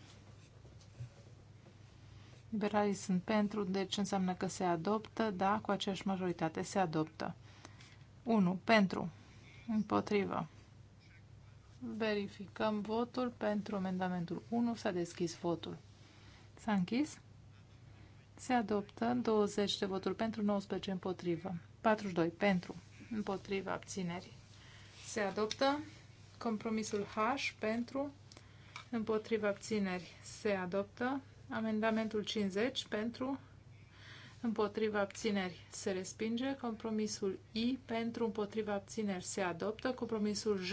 Liberalii sunt pentru, deci înseamnă că se adoptă, da, cu aceeași majoritate se adoptă. 1. Pentru. Împotrivă. Verificăm votul pentru amendamentul 1. S-a deschis votul. S-a închis. Se adoptă 20 de voturi pentru, 19 împotrivă. 42 pentru, împotrivă, abțineri. Se adoptă compromisul H pentru, împotrivă, abțineri. Se adoptă amendamentul 50 pentru, împotriva abțineri se respinge, compromisul I pentru împotriva abțineri se adoptă, compromisul J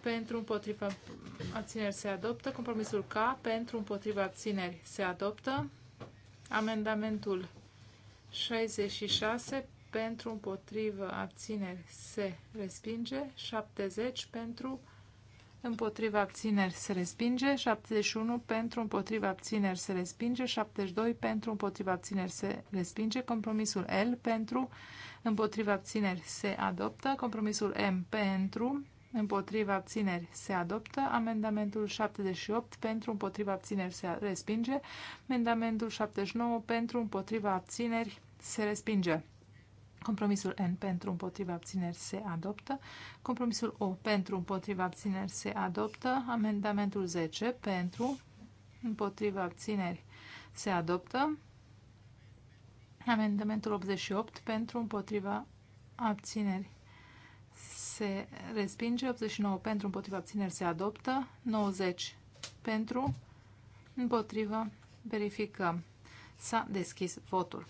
pentru împotriva abțineri se adoptă. Compromisul K pentru împotriva abțineri se adoptă. Amendamentul 66 pentru împotriva abțineri se respinge. 70 pentru împotriva abțineri se respinge. 71 pentru împotriva abțineri se respinge. 72 pentru împotriva abțineri se respinge. Compromisul L pentru împotriva abțineri se adoptă. Compromisul M pentru împotriva abțineri se adoptă, amendamentul 78 pentru împotriva abțineri se respinge, amendamentul 79 pentru împotriva abțineri se respinge. Compromisul N pentru împotriva abțineri se adoptă. Compromisul O pentru împotriva abțineri se adoptă. Amendamentul 10 pentru împotriva abțineri se adoptă. Amendamentul 88 pentru împotriva abțineri se respinge, 89 pentru, împotriva abțineri se adoptă, 90 pentru, împotriva, verificăm. S-a deschis votul.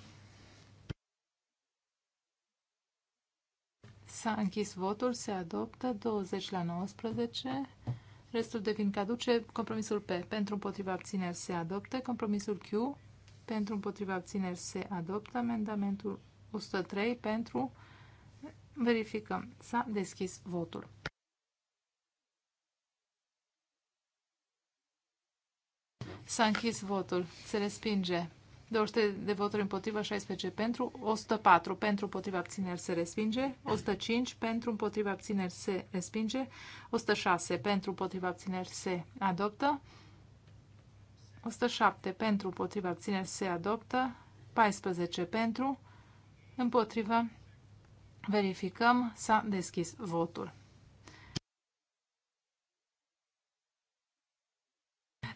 S-a închis votul, se adoptă 20 la 19, restul devin caduce, compromisul P pentru împotriva abțineri se adoptă, compromisul Q pentru împotriva abțineri se adoptă, amendamentul 103 pentru Verificăm. S-a deschis votul. S-a închis votul. Se respinge. 23 de voturi împotriva, 16 pentru, 104 pentru împotriva abțineri se respinge, 105 pentru împotriva abțineri se respinge, 106 pentru împotriva abțineri se adoptă, 107 pentru împotriva abțineri se adoptă, 14 pentru împotriva Verificăm, s-a deschis votul.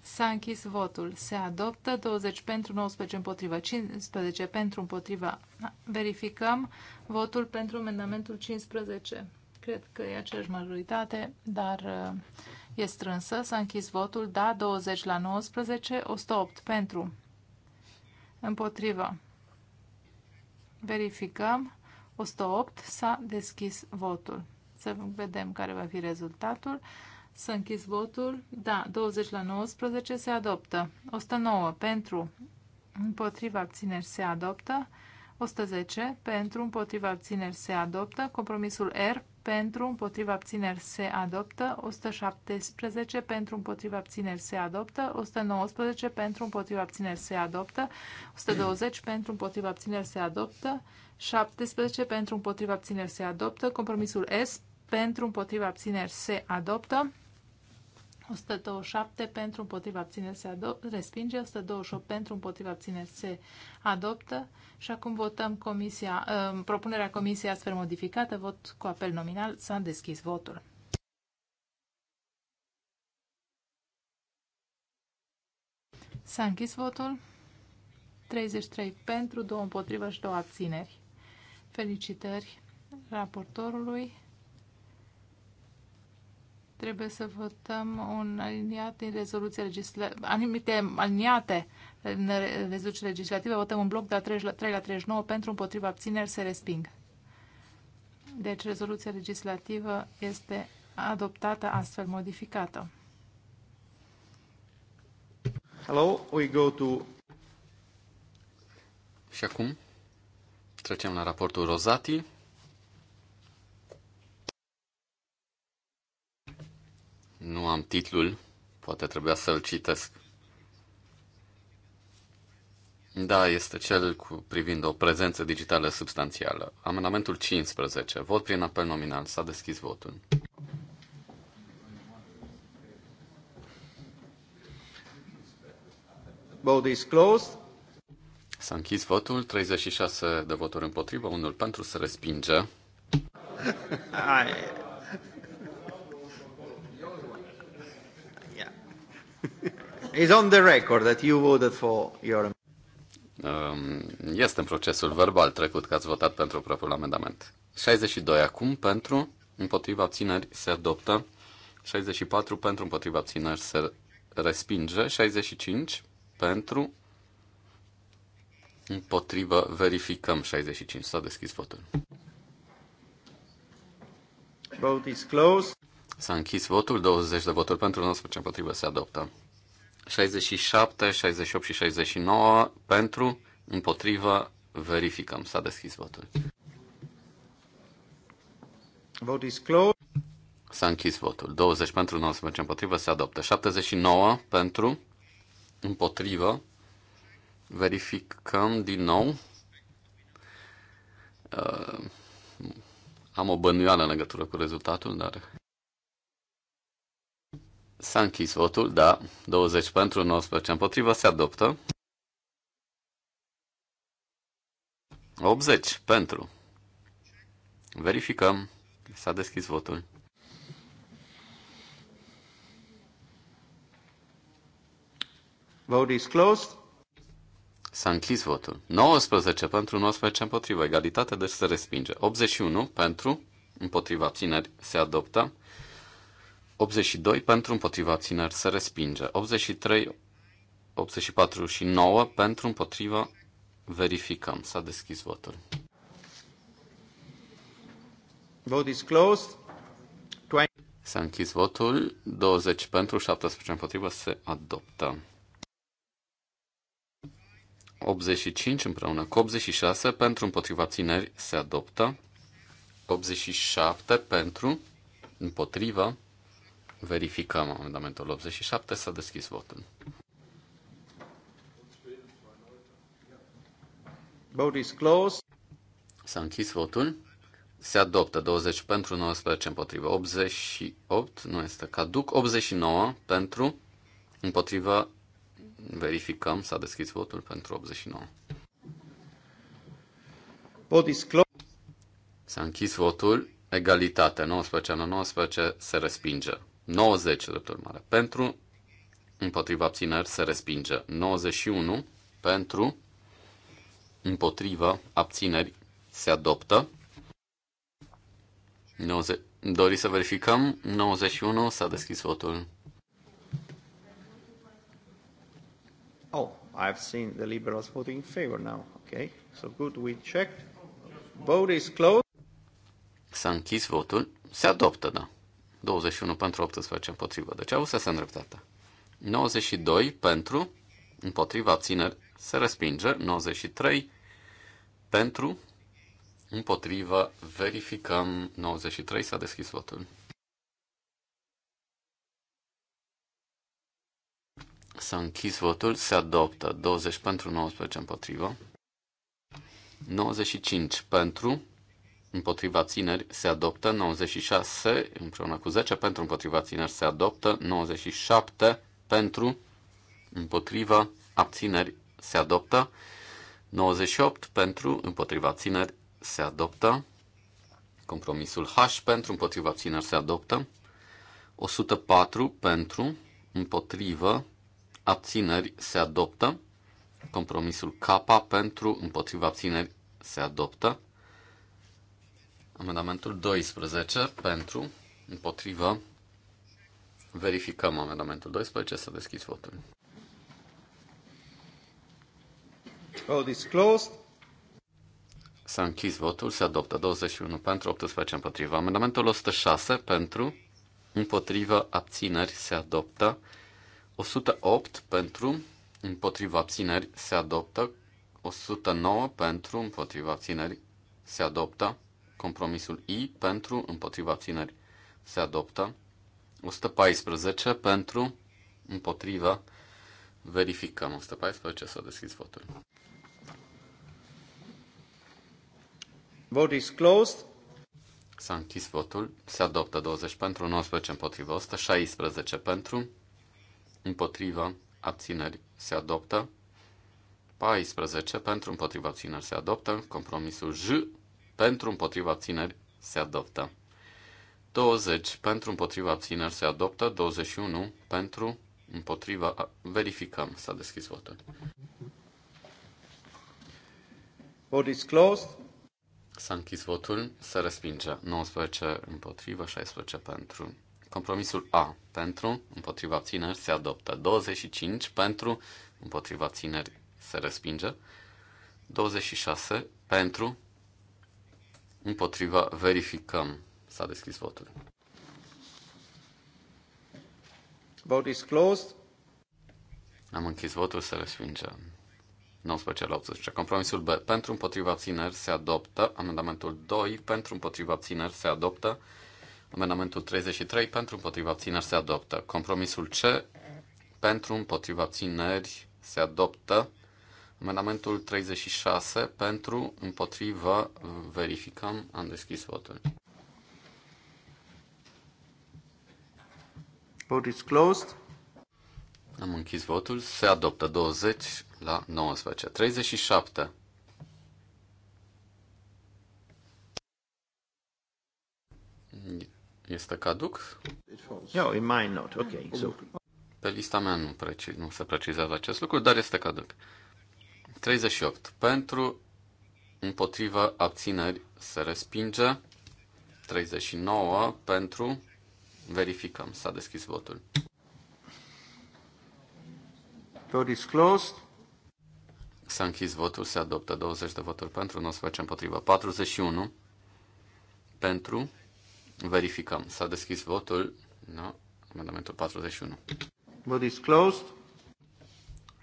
S-a închis votul. Se adoptă 20 pentru, 19 împotriva, 15 pentru împotriva. Da, verificăm votul pentru amendamentul 15. Cred că e aceeași majoritate, dar uh, e strânsă. S-a închis votul. Da, 20 la 19, 108 pentru împotriva. Verificăm. 108 s-a deschis votul. Să vedem care va fi rezultatul. S-a închis votul. Da, 20 la 19 se adoptă. 109 pentru împotriva abțineri se adoptă. 110 pentru împotriva abțineri se adoptă. Compromisul R pentru împotriva abțineri se adoptă, 117 pentru împotriva abțineri se adoptă, 119 pentru împotriva abțineri se adoptă, 120 pentru împotriva abțineri se adoptă, 17 pentru împotriva abțineri se adoptă, compromisul S pentru împotriva abțineri se adoptă, 127 pentru împotriva abține se respinge, 128 pentru împotriva abține se adoptă și acum votăm comisia, uh, propunerea comisiei astfel modificată, vot cu apel nominal, s-a deschis votul. S-a închis votul. 33 pentru, 2 împotriva și 2 abțineri. Felicitări raportorului. Trebuie să votăm un aliniat din rezoluție legislativă, anumite aliniate în rezoluție legislativă. Votăm un bloc de la 3 la, 39 pentru împotriva abțineri se resping. Deci rezoluția legislativă este adoptată astfel modificată. Hello, we go to... Și acum trecem la raportul Rosati. Nu am titlul, poate trebuia să-l citesc. Da, este cel cu privind o prezență digitală substanțială. Amendamentul 15. Vot prin apel nominal. S-a deschis votul. Vote is closed. S-a închis votul, 36 de voturi împotrivă, unul pentru, să respinge. It's on the record that you voted for your... Um, este în procesul verbal trecut că ați votat pentru propriul amendament. 62 acum pentru, împotriva abțineri se adoptă. 64 pentru, împotriva abțineri se respinge. 65 pentru, împotriva verificăm. 65 s-a deschis votul. Vote is closed. S-a închis votul, 20 de voturi pentru 19 împotriva se adoptă. 67, 68 și 69 pentru, împotrivă, verificăm. S-a deschis votul. Vote is closed. S-a închis votul. 20 pentru, 19 împotrivă, se adoptă. 79 pentru, împotrivă, verificăm din nou. Uh, am o bănuială în legătură cu rezultatul, dar S-a închis votul, da, 20 pentru, 19 împotrivă, se adoptă. 80 pentru. Verificăm. S-a deschis votul. Vote is closed. S-a închis votul. 19 pentru, 19 împotrivă, egalitate, deci se respinge. 81 pentru, împotriva abțineri, se adoptă. 82 pentru împotriva țineri se respinge. 83, 84 și 9 pentru împotriva verificăm. S-a deschis votul. Vote is closed. S-a închis votul. 20 pentru, 17 împotriva se adoptă. 85 împreună cu 86 pentru împotriva țineri se adoptă. 87 pentru împotriva Verificăm amendamentul 87, s-a deschis votul. Vote is closed. S-a închis votul. Se adoptă 20 pentru, 19 împotrivă, 88 nu este caduc, 89 pentru, împotrivă, verificăm, s-a deschis votul pentru 89. Vote is closed. S-a închis votul, egalitate, 19 la 19 se respinge. 90, drept urmare, pentru, împotriva abțineri se respinge. 91 pentru, împotriva abțineri se adoptă. 90. Doriți să verificăm? 91 s-a deschis votul. Oh, I've seen the liberals voting in favor now. Okay, so good, we checked. Vote is closed. S-a închis votul. Se adoptă, da. 21 pentru 18 împotrivă. Deci avusese în dreptate. 92 pentru, împotriva abțineri, se respinge. 93 pentru, împotriva, verificăm. 93 s-a deschis votul. S-a închis votul, se adoptă 20 pentru 19 împotrivă, 95 pentru împotriva țineri se adoptă 96 împreună cu 10 pentru împotriva țineri se adoptă 97 pentru împotriva abțineri se adoptă 98 pentru împotriva țineri se adoptă compromisul H pentru împotriva țineri se adoptă 104 pentru împotrivă abțineri se adoptă compromisul K pentru împotriva țineri se adoptă Amendamentul 12 pentru, împotrivă, verificăm amendamentul 12, să deschizi votul. Vote is closed. S-a închis votul, se adoptă 21 pentru, 18 împotriva. Amendamentul 106 pentru, împotriva abțineri se adoptă. 108 pentru, împotriva abțineri se adoptă. 109 pentru, împotriva abțineri se adoptă. Compromisul I pentru, împotriva abțineri se adoptă. 114 pentru, împotriva. Verificăm 114 să deschizi votul. Vote is closed. S-a închis votul. Se adoptă 20 pentru, 19 împotriva, 116 pentru, împotriva, abțineri se adoptă. 14 pentru, împotriva, abțineri se adoptă. Compromisul J pentru împotriva abțineri se adoptă. 20 pentru împotriva abțineri se adoptă, 21 pentru împotriva verificăm s-a deschis votul. Vote is closed. S-a închis votul, se respinge 19 împotriva, 16 pentru. Compromisul A pentru împotriva abțineri se adoptă, 25 pentru împotriva abțineri se respinge, 26 pentru Împotriva verificăm. S-a deschis votul. Vote is closed. Am închis votul, se respinge. 19 la 18. Compromisul B. Pentru împotriva abțineri se adoptă. Amendamentul 2. Pentru împotriva abțineri se adoptă. Amendamentul 33. Pentru împotriva abțineri se adoptă. Compromisul C. Pentru împotriva abțineri se adoptă. Amendamentul 36 pentru, împotrivă, verificăm, am deschis votul. Vote is closed. Am închis votul. Se adoptă 20 la 19. 37. Este caduc? No, in mine note. Okay, so... Pe lista mea nu, preci- nu se precizează acest lucru, dar este caduc. 38. Pentru, împotriva, abțineri se respinge. 39. Pentru, verificăm, s-a deschis votul. Vote is closed. S-a închis votul, se adoptă 20 de voturi pentru, nu o să facem împotriva. 41 pentru, verificăm. S-a deschis votul, no, amendamentul 41. Vote is closed.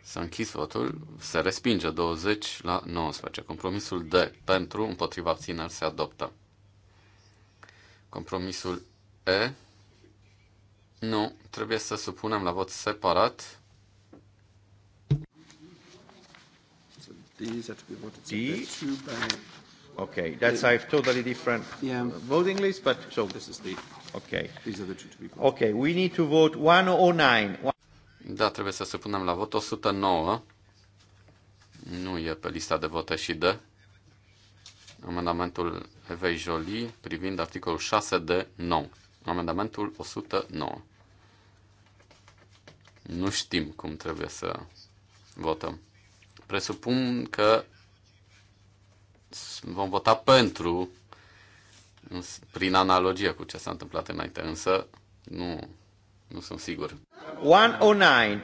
S-a închis votul, se respinge 20 la 19. Compromisul D pentru, împotriva abțineri se adoptă. Compromisul E nu, trebuie să supunem la vot separat. D. Okay, that's I've totally different yeah. voting list, but so this is the okay. These are the two to be voted. Okay, we need to vote 109. Da, trebuie să supunem la vot 109. Nu e pe lista de vot și de amendamentul Evei Jolie privind articolul 6 de 9. Amendamentul 109. Nu știm cum trebuie să votăm. Presupun că vom vota pentru prin analogie cu ce s-a întâmplat înainte, însă nu nu sunt sigur. 109.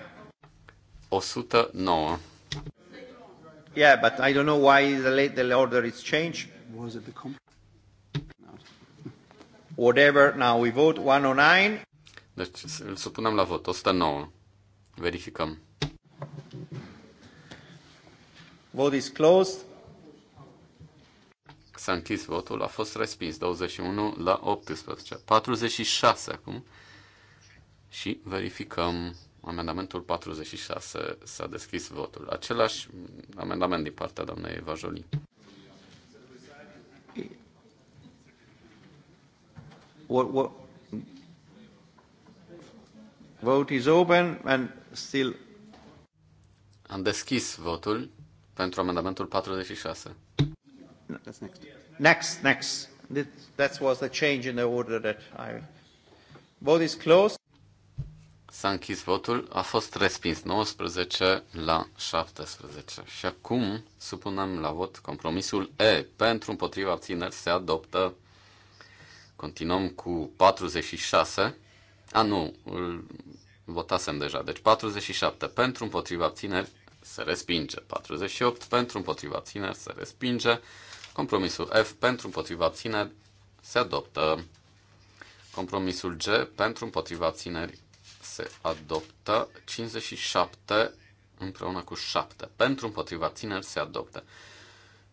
109. Yeah, but I don't know why the, late, the order is changed. Was it the comp- Whatever, now we vote 109. Deci îl supunem la vot, 109. Verificăm. Vote is closed. S-a închis votul, a fost respins 21 la 18. 46 acum. Și verificăm amendamentul 46. S-a deschis votul. Același amendament din partea doamnei Eva Jolie. What, what? Vote is open and still... Am deschis votul pentru amendamentul 46. That's next. Next, next. That was the change in the order that I... Vote is closed. S-a închis votul, a fost respins 19 la 17. Și acum supunem la vot compromisul E. Pentru împotriva abțineri se adoptă. Continuăm cu 46. A, nu, îl votasem deja. Deci 47 pentru împotriva abțineri se respinge. 48 pentru împotriva abțineri se respinge. Compromisul F pentru împotriva abțineri se adoptă. Compromisul G pentru împotriva abțineri se adoptă. 57 împreună cu 7. Pentru împotriva țineri se adoptă.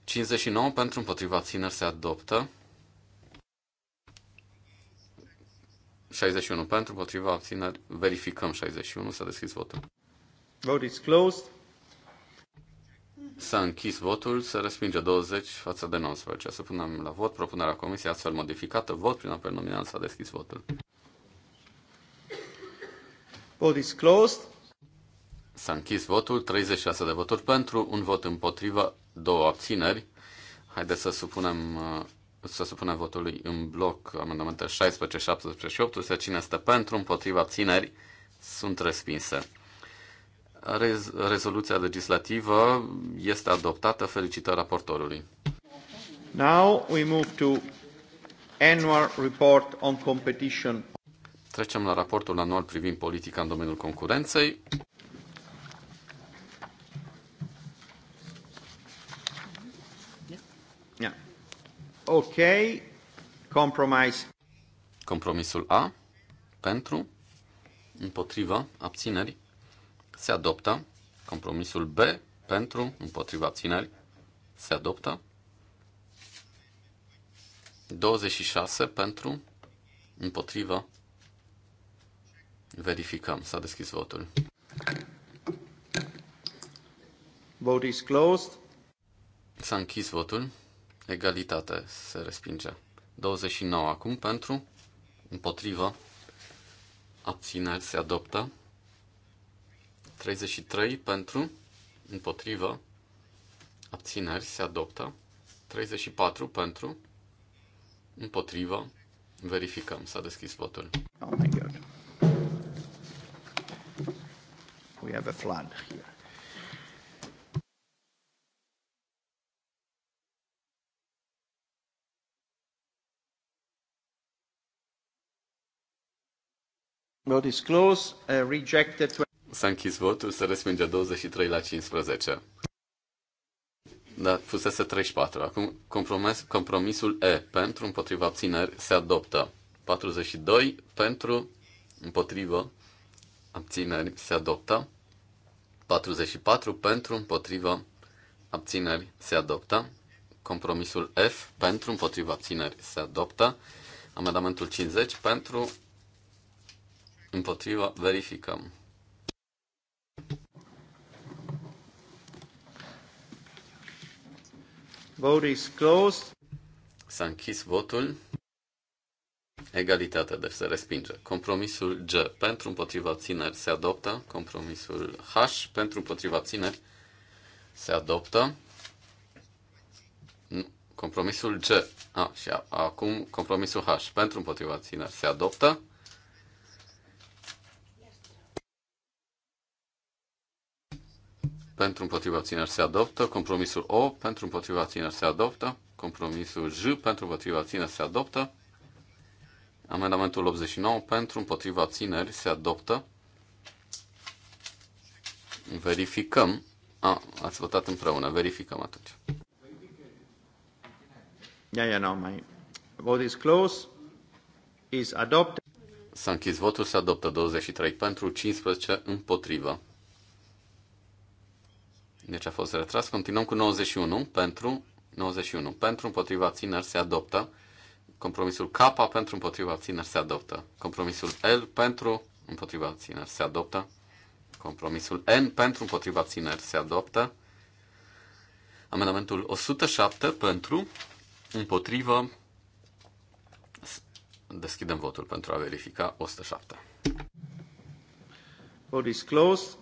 59 pentru împotriva țineri se adoptă. 61 pentru împotriva țineri. Verificăm 61. S-a deschis votul. Vote is closed. S-a închis votul, se respinge 20 față de 19. Să punem la vot propunerea comisiei astfel modificată. Vot prin apel nominal s-a deschis votul. Vote is closed. S-a închis votul, 36 de voturi pentru, un vot împotrivă, două abțineri. Haideți să supunem uh, să supunem votului în bloc amendamente 16, 17 și 18. Cine este pentru, împotriva abțineri, sunt respinse. Rez- rezoluția legislativă este adoptată. Felicitări raportorului. Now we move to annual report on competition Trecem la raportul anual privind politica în domeniul concurenței. Ok. Compromise. Compromisul A. Pentru. Împotriva. Abțineri. Se adoptă. Compromisul B. Pentru. Împotriva. Abțineri. Se adoptă. 26 pentru, împotriva Verificăm. S-a deschis votul. Vote is closed. S-a închis votul. Egalitate se respinge. 29 acum pentru, împotrivă, abțineri se adoptă. 33 pentru, împotrivă, abțineri se adoptă. 34 pentru, împotrivă, verificăm, s-a deschis votul. Oh my God. we have a flood here. Vote is closed. Uh, rejected. S-a închis votul, se respinge 23 la 15. Da, fusese 34. Acum compromis, compromisul E pentru împotriva abțineri se adoptă. 42 pentru împotrivă abțineri se adoptă. 44 pentru, împotrivă, abțineri se adoptă. Compromisul F pentru, împotrivă, abțineri se adoptă. Amendamentul 50 pentru, împotrivă, verificăm. Vote is closed. S-a închis votul egalitatea deci se respinge. Compromisul G pentru împotriva țineri se adoptă. Compromisul H pentru împotriva țineri se adoptă. Compromisul G. A, și a, acum compromisul H pentru împotriva țineri se adoptă. Pentru împotriva țineri se adoptă. Compromisul O pentru împotriva țineri se adoptă. Compromisul J pentru împotriva țineri se adoptă. Amendamentul 89 pentru împotriva țineri se adoptă. Verificăm. A, ați votat împreună. Verificăm atunci. Yeah, yeah, no, my vote is close. Is adopted. S-a închis votul, se adoptă 23 pentru, 15 împotrivă. Deci a fost retras. Continuăm cu 91 pentru 91 pentru împotriva țineri se adoptă. Compromisul K pentru împotriva abțineri se adoptă. Compromisul L pentru împotriva abțineri se adoptă. Compromisul N pentru împotriva abțineri se adoptă. Amendamentul 107 pentru împotriva Deschidem votul pentru a verifica 107. Vote is closed.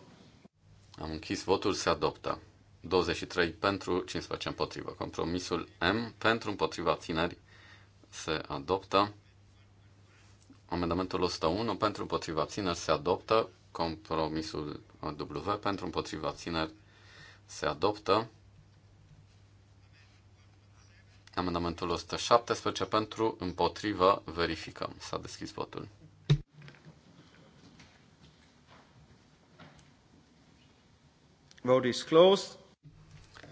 Am închis votul, se adoptă. 23 pentru, 15 împotrivă. Compromisul M pentru împotriva țineri se adoptă. Amendamentul 101 pentru împotriva abțineri se adoptă. Compromisul W pentru împotriva abțineri se adoptă. Amendamentul 117 pentru împotriva verificăm. S-a deschis votul. Vote is closed.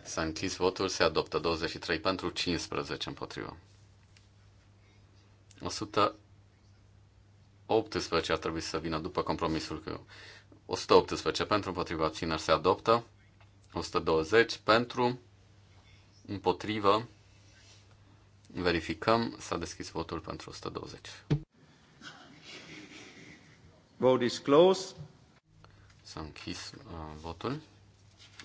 S-a închis votul, se adoptă 23 pentru 15 împotriva. 118 ar trebui să vină după compromisul cu 118 pentru împotriva abțineri se adoptă, 120 pentru împotrivă verificăm, s-a deschis votul pentru 120. Vote is closed. S-a închis uh, votul.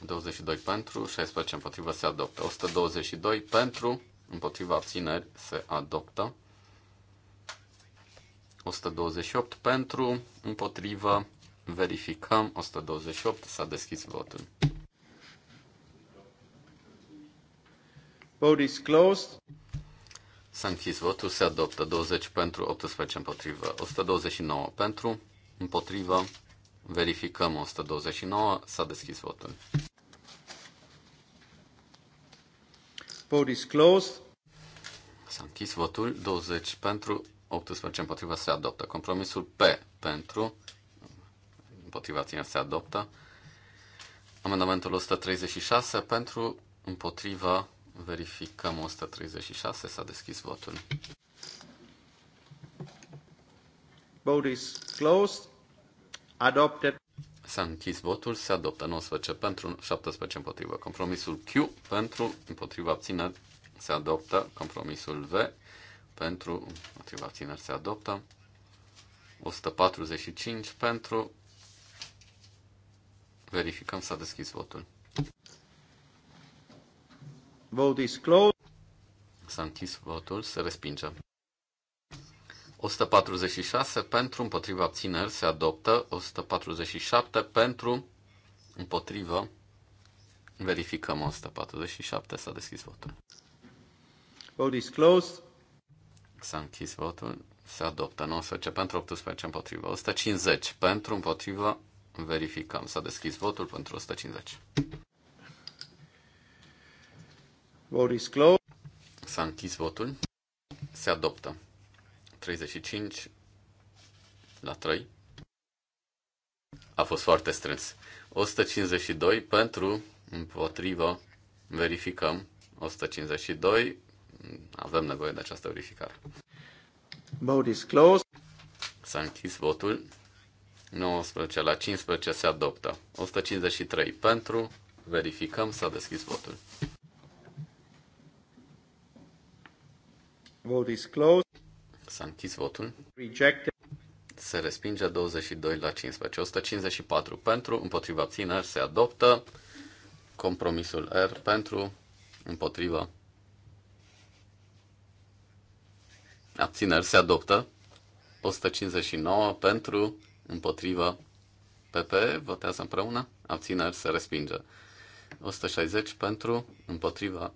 22 pentru, 16 împotrivă se adoptă. 122 pentru, împotriva abțineri se adoptă. 128 pentru, împotrivă, verificăm, 128, s-a deschis votul. Vote is closed. S-a închis votul, se adoptă 20 pentru, 18 împotrivă, 129 pentru, împotrivă, verificăm 129, s-a deschis votul. Vote is closed. S-a închis votul, 20 pentru, 18 împotriva se adoptă. Compromisul P pentru, împotriva ține se adoptă. Amendamentul 136 pentru, împotriva, verificăm 136, s-a deschis votul. Vote is closed. Adopted. S-a închis votul, se adoptă 19 pentru, 17 împotriva Compromisul Q pentru, împotriva abțineri, se adoptă. Compromisul V pentru, împotriva abțineri se adoptă. 145 pentru, verificăm s-a deschis votul. Vote is closed. S-a închis votul, se respinge. 146 pentru, împotriva abțineri se adoptă. 147 pentru, împotrivă. Verificăm 147, s-a deschis votul. Vote is closed. S-a închis votul. Se adoptă 19 pentru 18 împotrivă. 150 pentru împotrivă. Verificăm. S-a deschis votul pentru 150. Vote closed. S-a închis votul. Se adoptă. 35 la 3. A fost foarte strâns. 152 pentru, împotrivă, verificăm. 152, avem nevoie de această verificare. Vote is closed. S-a închis votul. 19 la 15 se adoptă. 153 pentru. Verificăm. S-a deschis votul. Vote is closed. S-a închis votul. Rejected. Se respinge 22 la 15. 154 pentru. Împotriva abțineri se adoptă. Compromisul R pentru. Împotriva abțineri se adoptă. 159 pentru, împotrivă, PP, votează împreună, abțineri se respinge. 160 pentru, împotriva,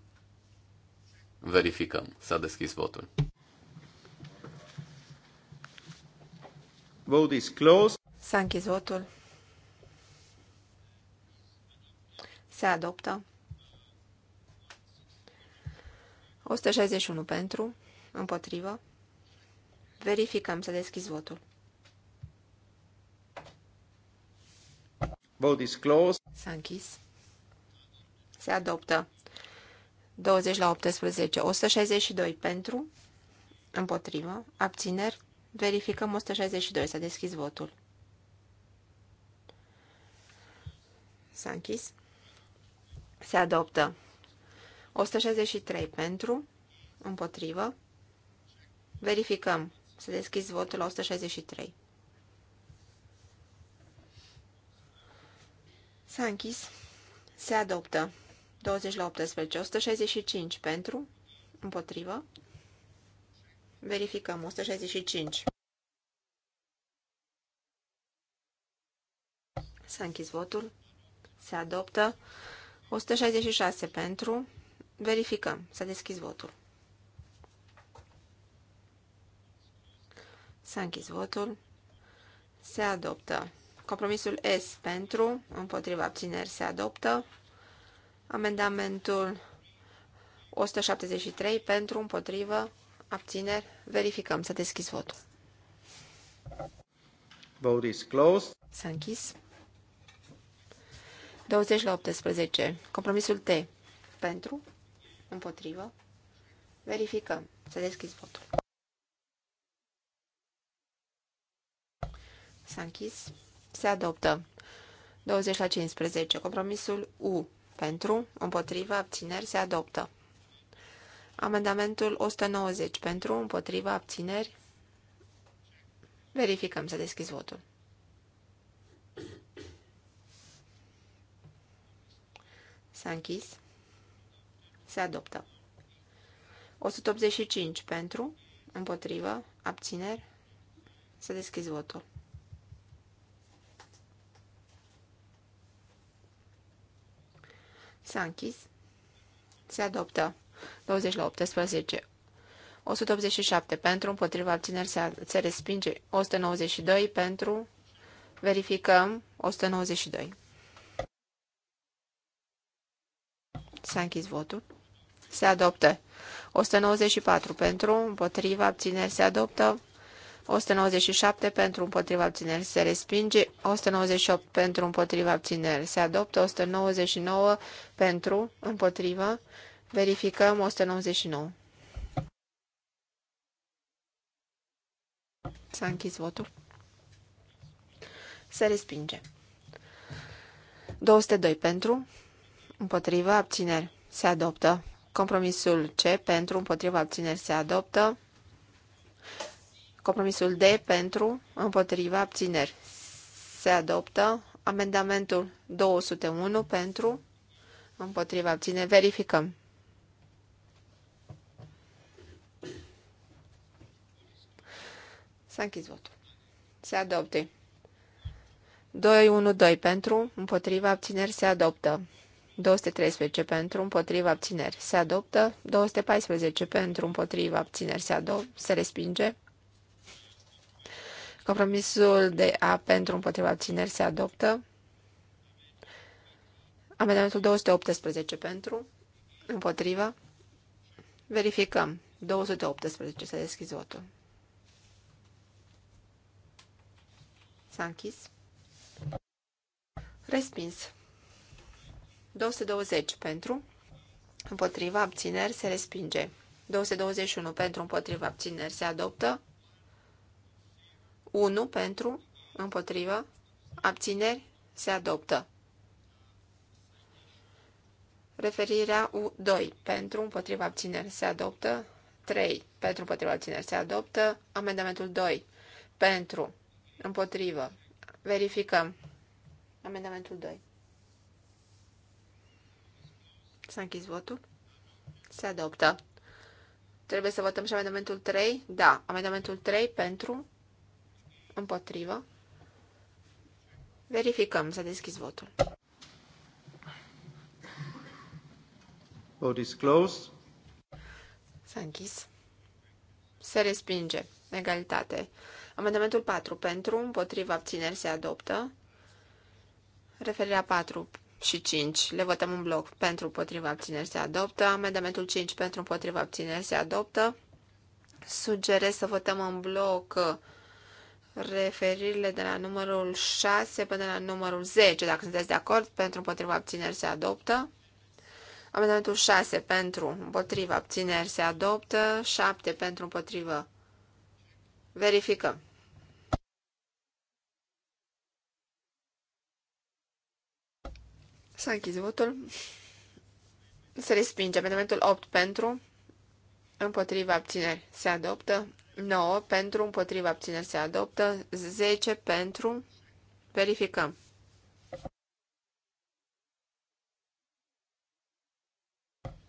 verificăm. S-a deschis votul. Vote is closed. S-a închis votul. Se adoptă. 161 pentru, împotrivă, Verificăm să deschizi votul. Vote is closed. S-a închis. Se adoptă. 20 la 18. 162 pentru. Împotrivă. Abțineri. Verificăm 162. S-a deschis votul. S-a închis. Se adoptă. 163 pentru. Împotrivă. Verificăm. Să deschizi votul la 163. S-a închis. Se adoptă. 20 la 18. 165 pentru. Împotrivă. Verificăm. 165. S-a închis votul. Se adoptă. 166 pentru. Verificăm. S-a deschis votul. S-a închis votul. Se adoptă. Compromisul S pentru, împotriva abțineri se adoptă. Amendamentul 173 pentru, împotrivă, abțineri. Verificăm, S-a deschis votul. Vote is closed. S-a închis. 20 la 18. Compromisul T. Pentru, împotrivă. Verificăm, S-a deschis votul. S-a închis. Se adoptă. 20 la 15. Compromisul U. Pentru, împotriva, abțineri, se adoptă. Amendamentul 190. Pentru, împotriva, abțineri. Verificăm să deschizi votul. S-a închis. Se adoptă. 185 pentru, împotrivă, abțineri. Să deschizi votul. S-a închis. Se adoptă. 20 la 18. 187 pentru, împotriva abțineri se, se respinge. 192 pentru, verificăm, 192. S-a închis votul. Se adoptă. 194 pentru, împotriva abțineri se adoptă. 197 pentru împotriva abțineri se respinge, 198 pentru împotriva abțineri se adoptă, 199 pentru împotriva, verificăm 199. S-a închis votul. Se respinge. 202 pentru, împotriva abțineri se adoptă. Compromisul C pentru, împotriva abțineri se adoptă. Compromisul D pentru, împotriva, abțineri. Se adoptă amendamentul 201 pentru, împotriva, abțineri. Verificăm. S-a închis votul. Se adopte. 212 pentru, împotriva, abțineri. Se adoptă. 213 pentru, împotriva, abțineri. Se adoptă. 214 pentru, împotriva, abțineri. Se, adop- se respinge. Compromisul de A pentru împotriva abțineri se adoptă. Amendamentul 218 pentru împotriva. Verificăm. 218 s-a deschis votul. S-a închis. Respins. 220 pentru împotriva abțineri se respinge. 221 pentru împotriva abțineri se adoptă. 1 pentru, împotrivă, abțineri, se adoptă. Referirea U2 pentru, împotriva abțineri, se adoptă. 3 pentru, împotriva abțineri, se adoptă. Amendamentul 2 pentru, împotrivă. Verificăm. Amendamentul 2. S-a închis votul. Se adoptă. Trebuie să votăm și amendamentul 3? Da. Amendamentul 3 pentru, Împotrivă. Verificăm. S-a deschis votul. Vote is closed. S-a închis. Se respinge. Egalitate. Amendamentul 4. Pentru, împotrivă, abțineri se adoptă. Referirea 4 și 5. Le votăm în bloc. Pentru, împotrivă, abțineri se adoptă. Amendamentul 5. Pentru, împotrivă, abțineri se adoptă. Sugerez să votăm în bloc referirile de la numărul 6 până la numărul 10, dacă sunteți de acord, pentru împotriva abțineri se adoptă. Amendamentul 6 pentru împotriva abțineri se adoptă, 7 pentru împotrivă. Verificăm. S-a închis votul. Se respinge. Amendamentul 8 pentru împotriva abțineri se adoptă. 9 pentru, împotriva abțineri se adoptă, 10 pentru, verificăm.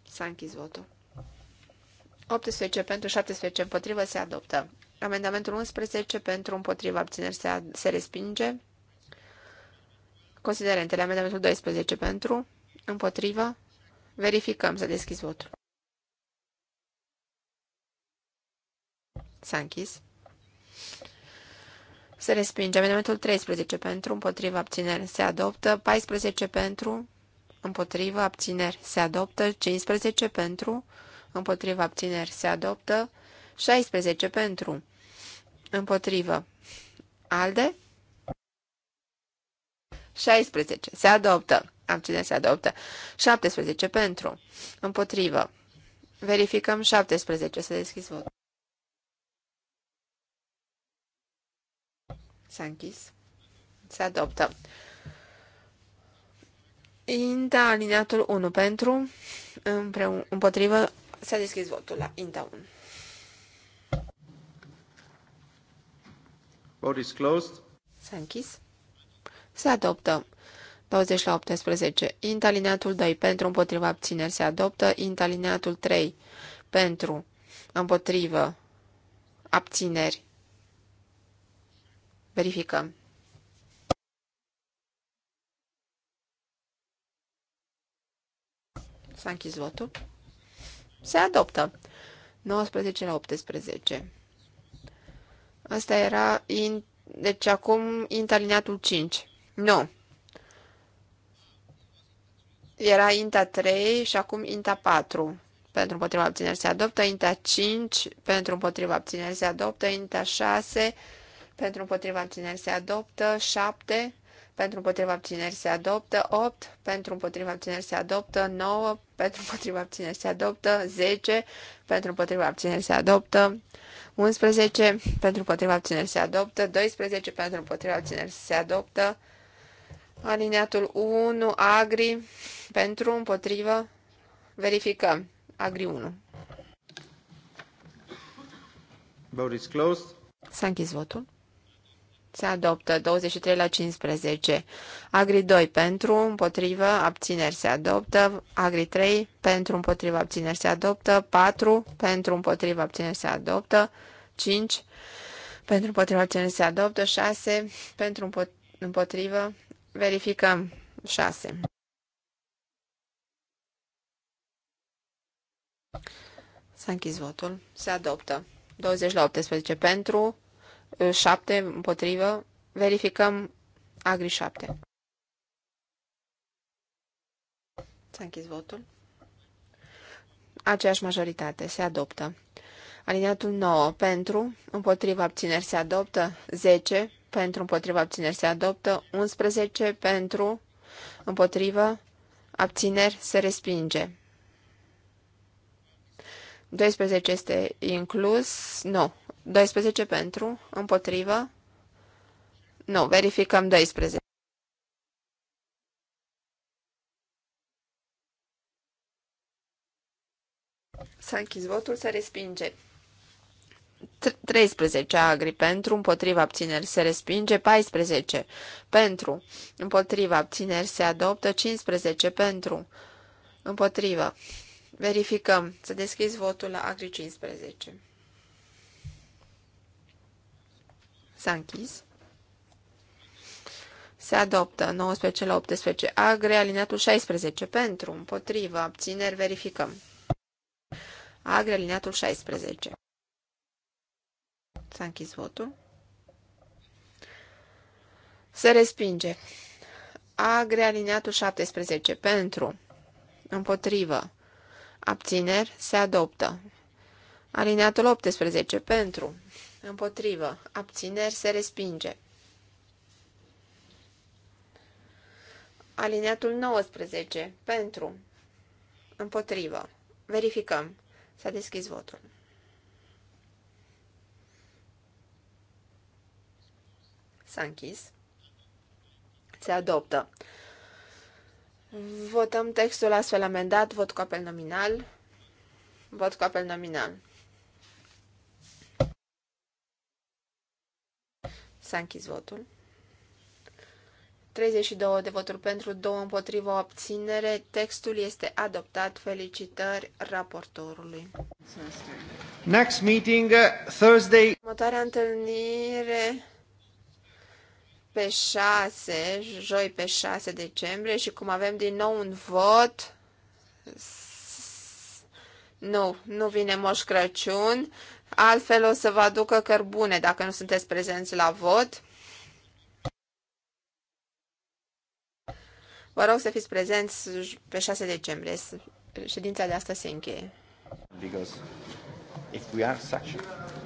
S-a închis votul. 18 pentru, 17 împotrivă se adoptă. Amendamentul 11 pentru, împotriva abțineri se, se respinge. Considerentele, amendamentul 12 pentru, împotriva, verificăm să deschizi votul. S-a închis. Se respinge. Amendamentul 13 pentru, împotrivă, abțineri, se adoptă. 14 pentru, împotrivă, abțineri, se adoptă. 15 pentru, împotrivă, abțineri, se adoptă. 16 pentru, împotrivă. Alde? 16. Se adoptă. Abțineri se adoptă. 17 pentru. Împotrivă. Verificăm 17. Să deschis votul. S-a închis. Se adoptă. Inta aliniatul 1 pentru, împreun, împotrivă, s-a deschis votul la Inta 1. Vote is closed. S-a închis. Se adoptă. 20 la 18. Inta alineatul 2 pentru împotrivă abțineri se adoptă. Inta alineatul 3 pentru împotrivă abțineri Verificăm. S-a închis votul. Se adoptă. 19 la 18. Asta era... In... Deci acum int 5. Nu. Era inta 3 și acum inta 4. Pentru împotriva abțineri se adoptă. Inta 5 pentru împotriva abțineri se adoptă. Inta 6 pentru împotriva abțineri se adoptă, 7 pentru împotriva abțineri se adoptă, 8 pentru împotriva abțineri se adoptă, 9 pentru împotriva abțineri se adoptă, 10 pentru împotriva abțineri se adoptă, 11 pentru împotriva abțineri se adoptă, 12 pentru împotriva abțineri se adoptă, aliniatul 1, agri, pentru împotriva, verificăm, agri 1. Vote is closed. S-a închis votul. Se adoptă 23 la 15. Agri 2 pentru, împotrivă, abțineri se adoptă. Agri 3 pentru, împotrivă, abțineri se adoptă. 4 pentru, împotrivă, abțineri se adoptă. 5 pentru, împotrivă, abțineri se adoptă. 6 pentru, împotrivă, verificăm 6. S-a închis votul. Se adoptă. 20 la 18 pentru, 7 împotrivă. Verificăm Agri 7. S-a închis votul. Aceeași majoritate se adoptă. Alineatul 9 pentru, împotriva abțineri se adoptă, 10 pentru, împotriva abțineri se adoptă, 11 pentru, împotriva abțineri se respinge. 12 este inclus, nu, 12 pentru, împotrivă. Nu, verificăm 12. S-a închis votul, se respinge. 13 agri pentru, împotriva abțineri se respinge, 14 pentru, împotriva abțineri se adoptă, 15 pentru, împotriva. Verificăm. Să deschizi votul la agri 15. S-a închis. Se adoptă 19 la 18 agre, alineatul 16 pentru, împotrivă, abțineri, verificăm. Agre, alineatul 16. S-a închis votul. Se respinge. Agre, alineatul 17 pentru, împotrivă, abțineri, se adoptă. Alineatul 18 pentru, împotrivă, abțineri se respinge. Alineatul 19, pentru, împotrivă, verificăm, s-a deschis votul. S-a închis. Se adoptă. Votăm textul astfel amendat, vot cu apel nominal, vot cu apel nominal. S-a închis votul. 32 de voturi pentru, 2 împotriva obținere. Textul este adoptat. Felicitări raportorului. Next meeting, uh, Thursday. Următoarea întâlnire pe 6, joi pe 6 decembrie și cum avem din nou un vot, nu, nu vine Moș Crăciun, Altfel o să vă aducă cărbune dacă nu sunteți prezenți la vot. Vă rog să fiți prezenți pe 6 decembrie. Ședința de asta se încheie. Because if we are such